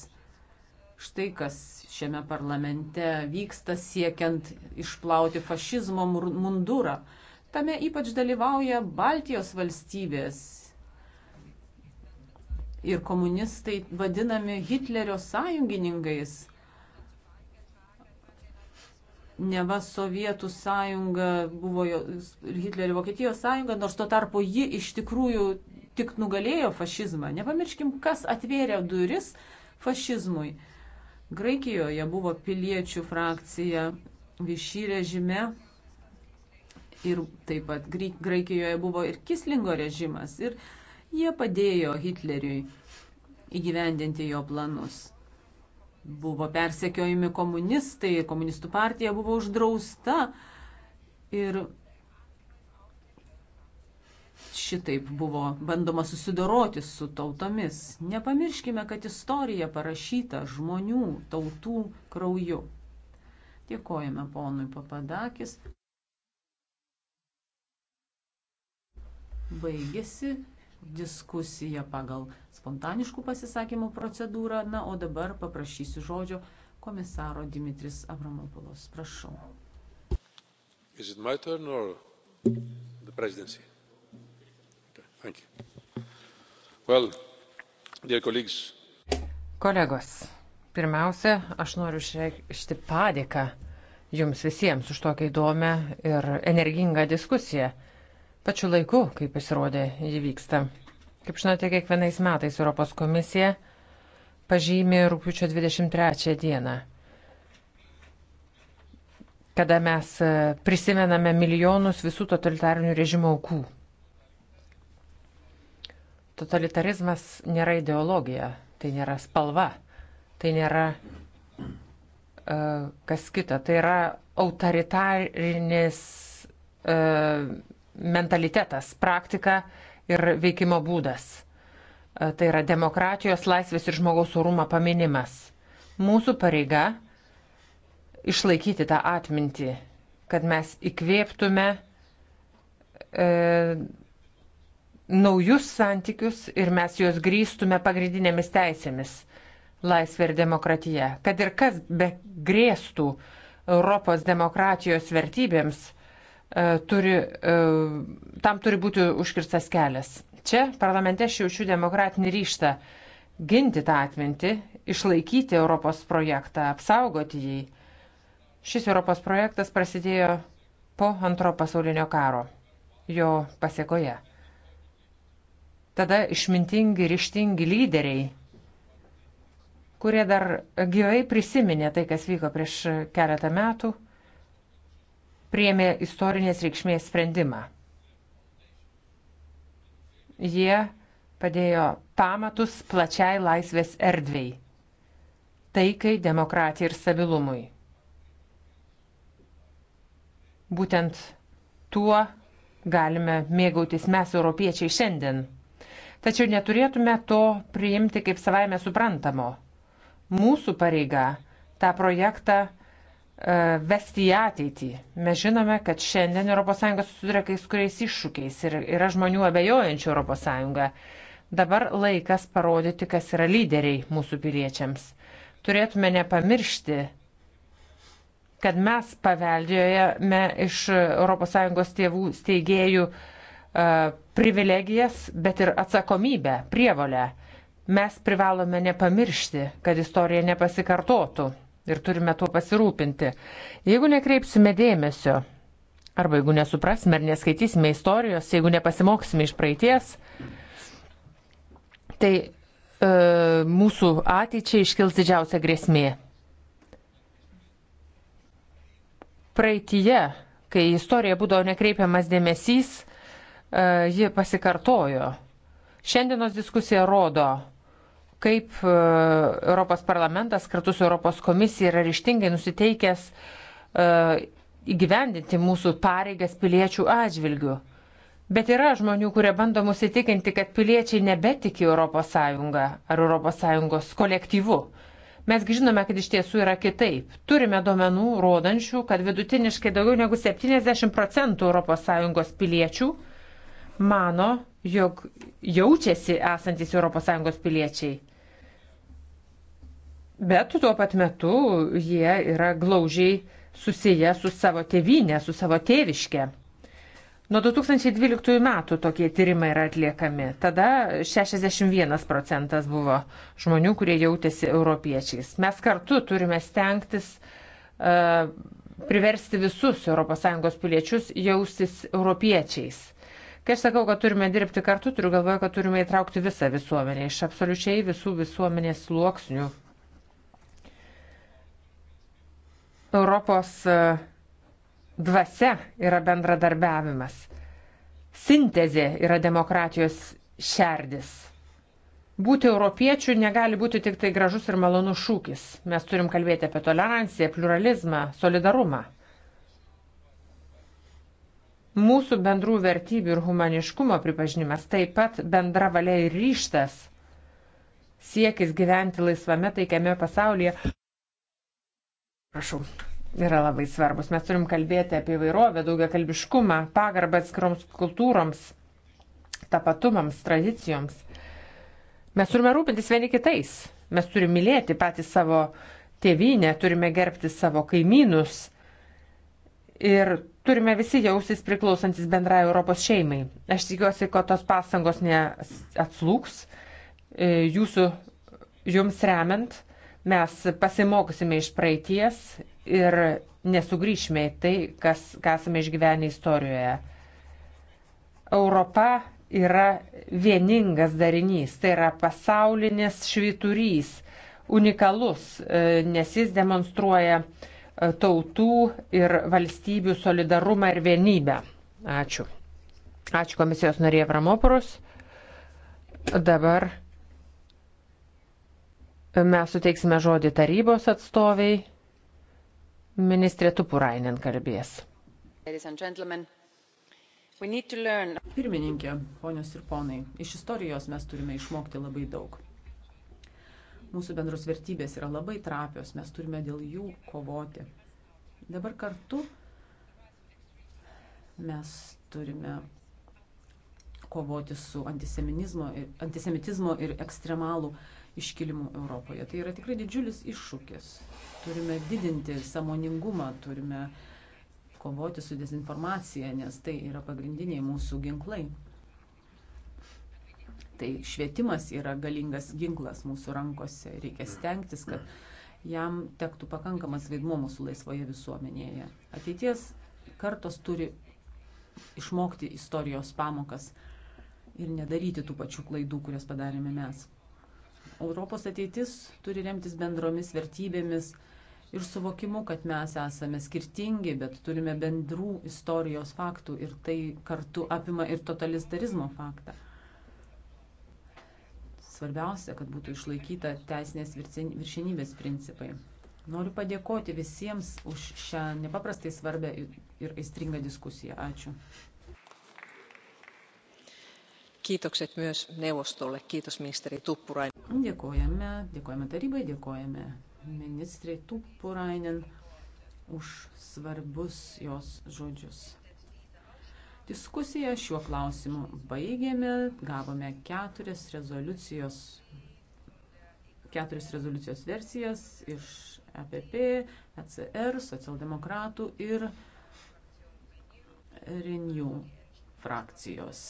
Štai kas šiame parlamente vyksta siekiant išplauti fašizmo mundurą. Tame ypač dalyvauja Baltijos valstybės. Ir komunistai vadinami Hitlerio sąjungininkais neva Sovietų sąjunga buvo Hitlerio Vokietijos sąjunga, nors tuo tarpu ji iš tikrųjų tik nugalėjo fašizmą. Nepamirškim, kas atvėrė duris fašizmui. Graikijoje buvo piliečių frakcija Višy režime ir taip pat Graikijoje buvo ir Kislingo režimas ir jie padėjo Hitleriui įgyvendinti jo planus. Buvo persekiojami komunistai, komunistų partija buvo uždrausta ir šitaip buvo bandoma susidoroti su tautomis. Nepamirškime, kad istorija parašyta žmonių, tautų krauju. Dėkojame ponui Papadakis. Baigėsi diskusija pagal spontaniškų pasisakymų procedūrą. Na, o dabar paprašysiu žodžio komisaro Dimitris Avramopolos. Prašau. Is it my turn or the presidency? Well, Kolegos, pirmiausia, aš noriu išreikšti padėką jums visiems už tokią įdomią ir energingą diskusiją. Pačiu laiku, kaip pasirodė, jį vyksta. Kaip žinote, kiekvienais metais Europos komisija pažymė rūpiučio 23 dieną, kada mes prisimename milijonus visų totalitarinių režimo aukų. Totalitarizmas nėra ideologija, tai nėra spalva, tai nėra uh, kas kita, tai yra autoritarinis uh, mentalitetas, praktika ir veikimo būdas. Uh, tai yra demokratijos, laisvės ir žmogaus orumo paminimas. Mūsų pareiga išlaikyti tą atmintį, kad mes įkvėptume e, naujus santykius ir mes juos grįstume pagrindinėmis teisėmis - laisvė ir demokratija. Kad ir kas be grėstų Europos demokratijos vertybėms, e, turi, e, tam turi būti užkirstas kelias. Čia parlamente aš jaučiu demokratinį ryštą ginti tą atmintį, išlaikyti Europos projektą, apsaugoti jį. Šis Europos projektas prasidėjo po antro pasaulinio karo, jo pasiekoje tada išmintingi, ryštingi lyderiai, kurie dar gyvai prisiminė tai, kas vyko prieš keletą metų, priemė istorinės reikšmės sprendimą. Jie padėjo pamatus plačiai laisvės erdvėjai, taikai, demokratijai ir stabilumui. Būtent tuo galime mėgautis mes, europiečiai, šiandien. Tačiau neturėtume to priimti kaip savaime suprantamo. Mūsų pareiga tą projektą e, vesti į ateitį. Mes žinome, kad šiandien ES susiduria kai kuriais iššūkiais ir yra žmonių abejojančių ES. Dabar laikas parodyti, kas yra lyderiai mūsų piliečiams. Turėtume nepamiršti, kad mes paveldėjome iš ES tėvų steigėjų E, privilegijas, bet ir atsakomybę, prievalę. Mes privalome nepamiršti, kad istorija nepasikartotų ir turime tuo pasirūpinti. Jeigu nekreipsime dėmesio, arba jeigu nesuprasime ar neskaitysime istorijos, jeigu nepasimoksime iš praeities, tai e, mūsų ateičiai iškils didžiausia grėsmė. Praeitie, kai istorija būdavo nekreipiamas dėmesys, E, ji pasikartojo. Šiandienos diskusija rodo, kaip e, Europos parlamentas kartu su Europos komisija yra ryštingai nusiteikęs e, įgyvendinti mūsų pareigas piliečių atžvilgių. Bet yra žmonių, kurie bando mus įtikinti, kad piliečiai nebetiki ES ar ES kolektyvu. Mesgi žinome, kad iš tiesų yra kitaip. Turime duomenų rodančių, kad vidutiniškai daugiau negu 70 procentų ES piliečių uh, mano, jog jaučiasi esantis ES piliečiai. Bet tuo pat metu jie yra glaužiai susiję su savo tėvynė, su savo tėviške. Nuo 2012 metų tokie tyrimai yra atliekami. Tada 61 procentas buvo žmonių, kurie jautėsi europiečiais. Mes kartu turime stengtis uh, priversti visus ES piliečius jaustis europiečiais. Kai aš sakau, kad turime dirbti kartu, turiu galvoje, kad turime įtraukti visą visuomenę iš absoliučiai visų visuomenės sluoksnių. Europos e, dvasia yra bendradarbiavimas. Sintezė yra demokratijos šerdis. Būti europiečių negali būti tik tai gražus ir malonus šūkis. Mes turim kalbėti apie toleranciją, pluralizmą, solidarumą. Mūsų bendrų vertybių ir humaniškumo pripažinimas taip pat bendra valia ir ryštas siekis gyventi laisvame taikiame pasaulyje. Prašau. Yra labai svarbus. Mes turim kalbėti apie įvairovę, daugia kalbiškumą, pagarbą atskiroms kultūroms, tapatumams, tradicijoms. Mes turime rūpintis vieni kitais. Mes turime mylėti patį savo tėvynę, turime gerbti savo kaimynus. Ir turime visi jausis priklausantis bendrai Europos šeimai. Aš tikiuosi, kad tos pastangos neatslūks. E, jūsų, jums remiant, mes pasimokysime iš praeities ir nesugrįšime į tai, kas, ką esame išgyvenę istorijoje. Europa yra vieningas darinys, tai yra pasaulinis švyturys, unikalus, e, nes jis demonstruoja uh, tautų ir valstybių solidarumą ir vienybę. Ačiū. Ačiū komisijos narė Vramoporus. Dabar mes suteiksime žodį tarybos atstoviai. Ministrė Tupurainen kalbės. Pirmininkė, ponios ir ponai, iš istorijos mes turime išmokti labai daug. Mūsų bendros vertybės yra labai trapios, mes turime dėl jų kovoti. Dabar kartu mes turime kovoti su ir, antisemitizmo ir ekstremalų iškilimu Europoje. Tai yra tikrai didžiulis iššūkis. Turime didinti samoningumą, turime kovoti su dezinformacija, nes tai yra pagrindiniai mūsų ginklai. Tai švietimas yra galingas ginklas mūsų rankose. Reikia stengtis, kad jam tektų pakankamas vaidmuo mūsų laisvoje visuomenėje. Ateities kartos turi išmokti istorijos pamokas ir nedaryti tų pačių klaidų, kurias padarėme mes. Europos ateitis turi remtis bendromis vertybėmis ir suvokimu, kad mes esame skirtingi, bet turime bendrų istorijos faktų ir tai kartu apima ir totalitarizmo faktą. Svarbiausia, kad būtų išlaikyta teisinės viršinybės principai. Noriu padėkoti visiems už šią nepaprastai svarbę ir aistringą diskusiją. Ačiū. Kiitokset myös neuvostolle. Kiitos ministeri Tuppurainen. Dėkojame, dėkojame tarybai, dėkojame ministrei Tuppurainen už svarbus jos žodžius. Diskusiją šiuo klausimu baigėme, gavome keturias rezoliucijos, keturias rezoliucijos versijas iš EPP, ECR, socialdemokratų ir Renew frakcijos.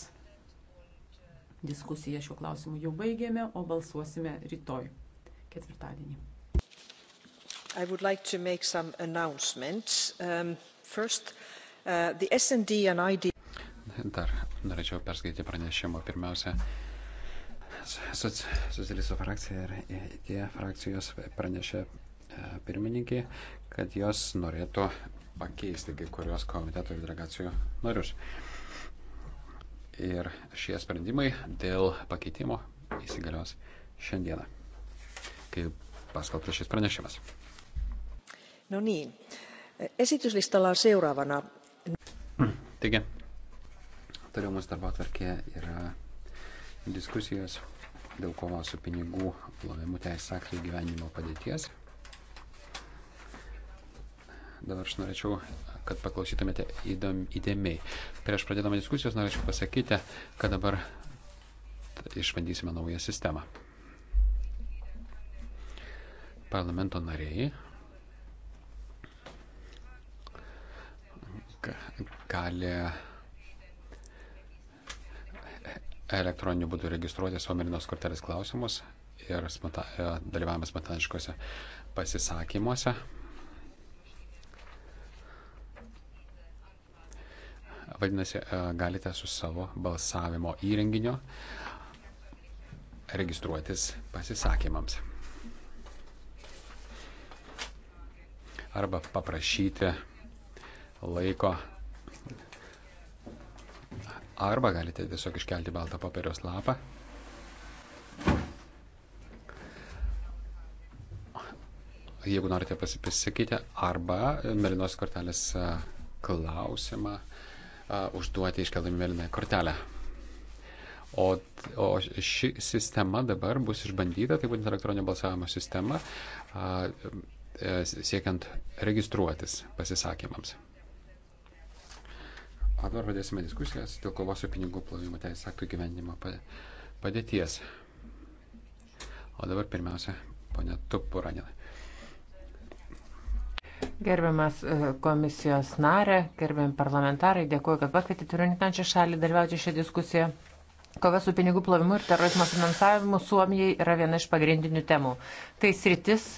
Diskusiją šiuo klausimu jau baigėme, o balsuosime rytoj, ketvirtadienį. I would like to make some announcements. Um, first, uh, the S&D and ID Dar norėčiau perskaityti pranešimą. Pirmiausia, socialistų frakcija ir tie frakcijos pranešė e, pirmininkė, kad jos norėtų pakeisti kai kurios komiteto ir delegacijų narius. Ir šie sprendimai dėl pakeitimo įsigalios šiandieną, kai paskelbtas šis pranešimas. No niin. Esityslistalla on seuraavana. Taigi, Toliau mūsų darbo atvarkė yra diskusijos dėl kovos su pinigų plovimu teisės aktų gyvenimo padėties. Dabar aš norėčiau, kad paklausytumėte įdom, įdėmiai. Prieš pradėdama diskusijos norėčiau pasakyti, kad dabar išbandysime naują sistemą. Parlamento nariai gali elektroniniu būdu registruoti savo mėlynos kortelės klausimus ir smata, e, dalyvavimas spontaniškose pasisakymuose. Vadinasi, e, galite su savo balsavimo įrenginio registruotis pasisakymams. Arba paprašyti laiko Arba galite tiesiog iškelti baltą popieriaus lapą. Jeigu norite pasisakyti, arba melinos kortelės klausimą užduoti iškeldami melinąją kortelę. O, o ši sistema dabar bus išbandyta, tai būtent elektroninio balsavimo sistema, e, siekiant registruotis pasisakymams. O dabar pradėsime diskusijas dėl kovos su pinigų plovimo teisės aktų gyvenimo padėties. O dabar pirmiausia, ponia Tupuranina. Gerbiamas e, komisijos narė, gerbiam parlamentarai, dėkuoju, kad pakvietėte turinkančią šalį dalyvauti šią diskusiją. Kova su pinigų plovimu ir terorizmo finansavimu Suomijai yra viena iš pagrindinių temų. Tai sritis,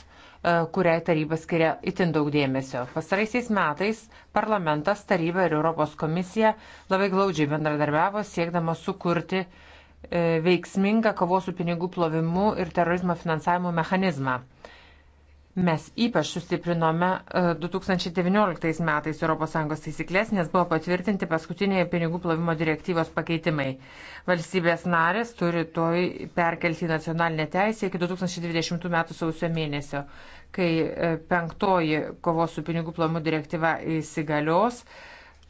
E, kuriai taryba skiria itin daug dėmesio. Pastaraisiais metais parlamentas, taryba ir Europos komisija labai glaudžiai bendradarbiavo siekdama sukurti e, veiksmingą kovos su pinigų plovimu ir terorizmo finansavimo mechanizmą. Mes ypač sustiprinome 2019 e, metais ES taisyklės, nes buvo patvirtinti paskutiniai pinigų plovimo direktyvos pakeitimai. Valstybės narės turi to perkelti į nacionalinę teisę iki 2020 metų sausio mėnesio, kai e, penktoji kovos su pinigų plovimu direktyva įsigalios.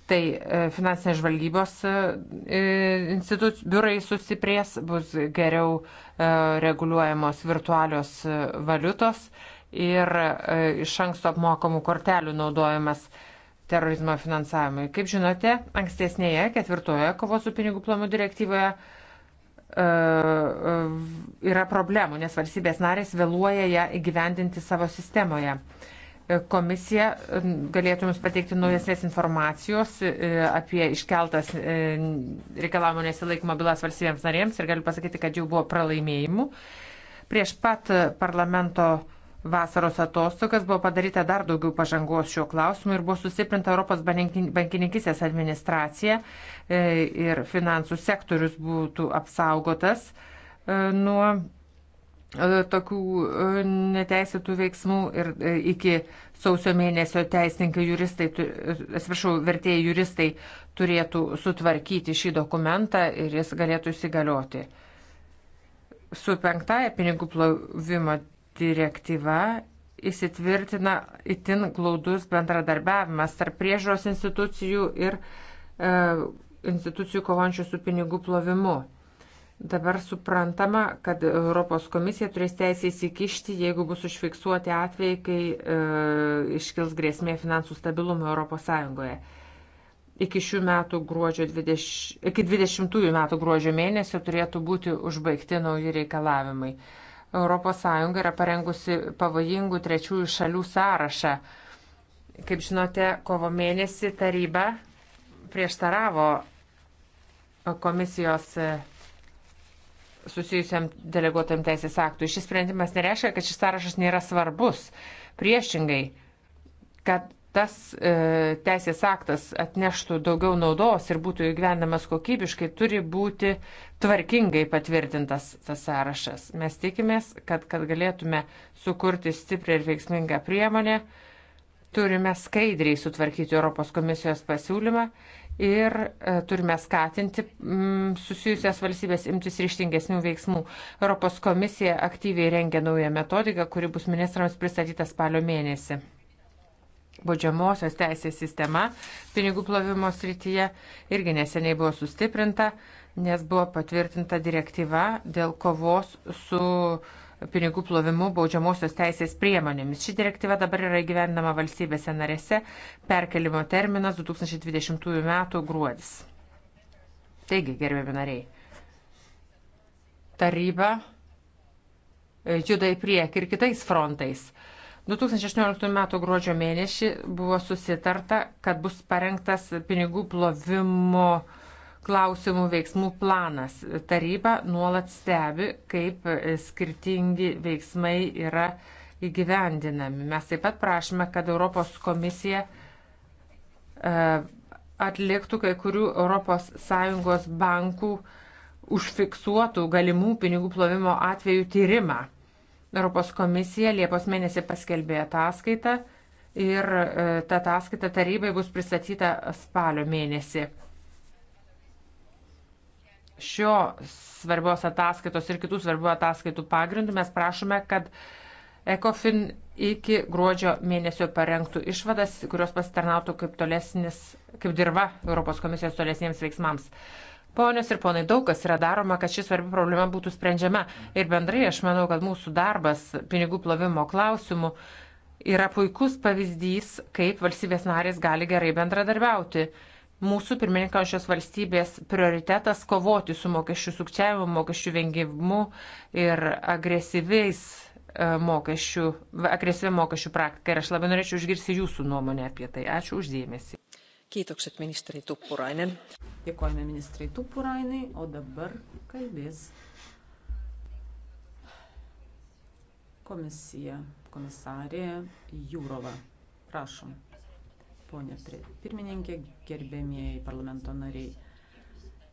Tai e, finansinės žvalgybos institucijų biurai susiprės, bus geriau reguliuojamos virtualios valiutos ir e, iš anksto apmokamų kortelių naudojimas terorizmo finansavimui. Kaip žinote, ankstesnėje ketvirtoje kovos su pinigų plomu direktyvoje e, e, yra problemų, nes valstybės narės vėluoja ją įgyvendinti savo sistemoje. Komisija galėtų Jums pateikti naujasnės informacijos apie iškeltas reikalavimo nesilaikymo bylas valstybėms narėms ir galiu pasakyti, kad jau buvo pralaimėjimų. Prieš pat parlamento vasaros atostogas buvo padaryta dar daugiau pažangos šiuo klausimu ir buvo sustiprinta Europos bankininkisės administracija e, ir finansų sektorius būtų apsaugotas e, nuo e, tokių neteisėtų veiksmų ir iki sausio mėnesio teisininkai juristai, atsiprašau, vertėjai juristai turėtų sutvarkyti šį dokumentą ir jis galėtų įsigalioti. Su penktąją pinigų plovimo direktyva įsitvirtina itin glaudus bendradarbiavimas tarp priežos institucijų ir e, institucijų kovančių su pinigų plovimu. Dabar suprantama, kad Europos komisija turės teisę įsikišti, jeigu bus užfiksuoti atvejai, kai e, iškils grėsmė finansų stabilumui Europos Sąjungoje iki šių metų gruodžio 20, iki 20 metų gruodžio mėnesio turėtų būti užbaigti nauji reikalavimai. ES yra parengusi pavojingų trečiųjų šalių sąrašą. Kaip žinote, kovo mėnesį taryba prieštaravo komisijos e, susijusiam deleguotam teisės aktui. Šis sprendimas nereiškia, kad šis sąrašas nėra svarbus. Priešingai, kad tas e, teisės aktas atneštų daugiau naudos ir būtų įgyvendamas kokybiškai, turi būti tvarkingai patvirtintas tas sąrašas. Mes tikimės, kad, kad galėtume sukurti stiprią ir veiksmingą priemonę, turime skaidriai sutvarkyti Europos komisijos pasiūlymą ir e, turime skatinti mm, susijusias valstybės imtis ryštingesnių veiksmų. Europos komisija aktyviai rengia naują metodiką, kuri bus ministrams pristatyta spalio mėnesį baudžiamosios teisės sistema pinigų plovimo srityje irgi neseniai buvo sustiprinta, nes buvo patvirtinta direktyva dėl kovos su pinigų plovimu baudžiamosios teisės priemonėmis. Ši direktyva dabar yra įgyvendinama valstybėse narėse, perkelimo terminas 2020 m. gruodis. Taigi, gerbėmi nariai, taryba juda į priekį ir kitais frontais 2018 m. gruodžio mėnesį buvo susitarta, kad bus parengtas pinigų plovimo klausimų veiksmų planas. Taryba nuolat stebi, kaip skirtingi veiksmai yra įgyvendinami. Mes taip pat prašome, kad Europos komisija e, atliktų kai kurių ES bankų užfiksuotų galimų pinigų plovimo atvejų tyrimą Europos komisija Liepos mėnesį paskelbė ataskaitą ir e, ta ataskaita tarybai bus pristatyta spalio mėnesį. Šio svarbios ataskaitos ir kitų svarbių ataskaitų pagrindų mes prašome, kad ECOFIN iki gruodžio mėnesio parengtų išvadas, kurios pasitarnautų kaip, tolesnis, kaip dirba Europos komisijos tolesniems veiksmams. Ponios ir ponai, daug kas yra daroma, kad ši svarbi problema būtų sprendžiama. Ir bendrai aš manau, kad mūsų darbas pinigų plovimo klausimų yra puikus pavyzdys, kaip valstybės narės gali gerai bendradarbiauti. Mūsų pirmininkaujančios valstybės prioritetas kovoti su mokesčių sukčiavimu, mokesčių vengimu ir agresyviais e, mokesčių, agresyvi mokesčių praktika. Ir aš labai norėčiau išgirsti jūsų nuomonę apie tai. Ačiū uždėmesi. Kiitokset ministeri Tuppurainen. Dėkojame ministrai Tuppurainai, o dabar kalbės komisija, komisarė Jūrova. Prašom, ponė pirmininkė, gerbėmieji parlamento nariai.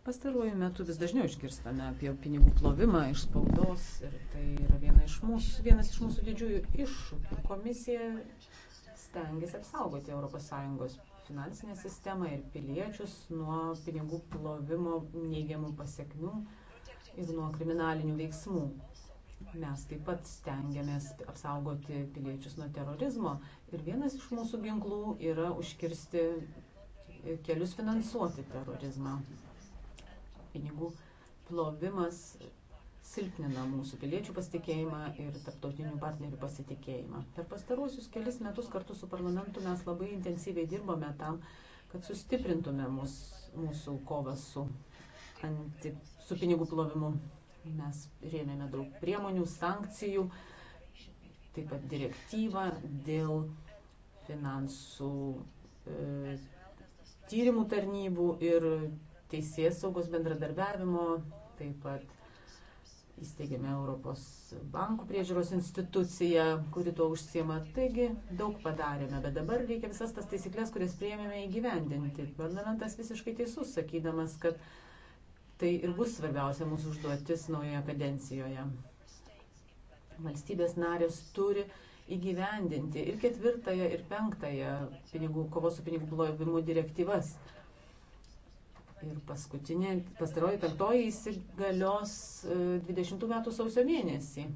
Pastaruoju metu vis dažniau išgirstame apie pinigų plovimą iš spaudos ir tai yra viena iš mūsų, vienas iš mūsų didžiųjų iššūkių. Komisija stengiasi apsaugoti ES finansinę sistemą ir piliečius nuo pinigų plovimo neigiamų pasiekmių ir nuo kriminalinių veiksmų. Mes taip pat stengiamės apsaugoti piliečius nuo terorizmo ir vienas iš mūsų ginklų yra užkirsti kelius finansuoti terorizmą. Pinigų plovimas silpnina mūsų piliečių pasitikėjimą ir tarptautinių partnerių pasitikėjimą. Per pastaruosius kelis metus kartu su parlamentu mes labai intensyviai dirbome tam, kad sustiprintume mus, mūsų kovą su, anti, su pinigų plovimu. Mes rėmėme daug priemonių, sankcijų, taip pat direktyvą dėl finansų e, tyrimų tarnybų ir teisės saugos bendradarbiavimo, taip pat įsteigėme Europos bankų priežiūros instituciją, kuri tuo užsiema. Taigi daug padarėme, bet dabar reikia visas tas taisyklės, kurias prieėmėme įgyvendinti. Parlamentas visiškai teisus, sakydamas, kad tai ir bus svarbiausia mūsų užduotis naujoje kadencijoje. Valstybės narės turi įgyvendinti ir ketvirtąją, ir penktąją pinigų, kovos su pinigų plovimu direktyvas Ir paskutinė, pastaroji penktoji įsigalios 20 e, metų sausio mėnesį.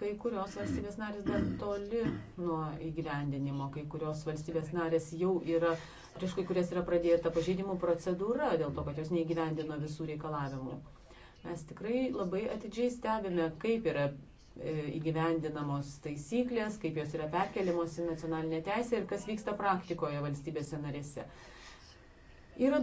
Kai kurios valstybės narės dar toli nuo įgyvendinimo, kai kurios valstybės narės jau yra, prieš kai kurias yra pradėta pažeidimų procedūra dėl to, kad jos neįgyvendino visų reikalavimų. Mes tikrai labai atidžiai stebime, kaip yra e, įgyvendinamos taisyklės, kaip jos yra perkeliamos į nacionalinę teisę ir kas vyksta praktikoje valstybėse narėse yra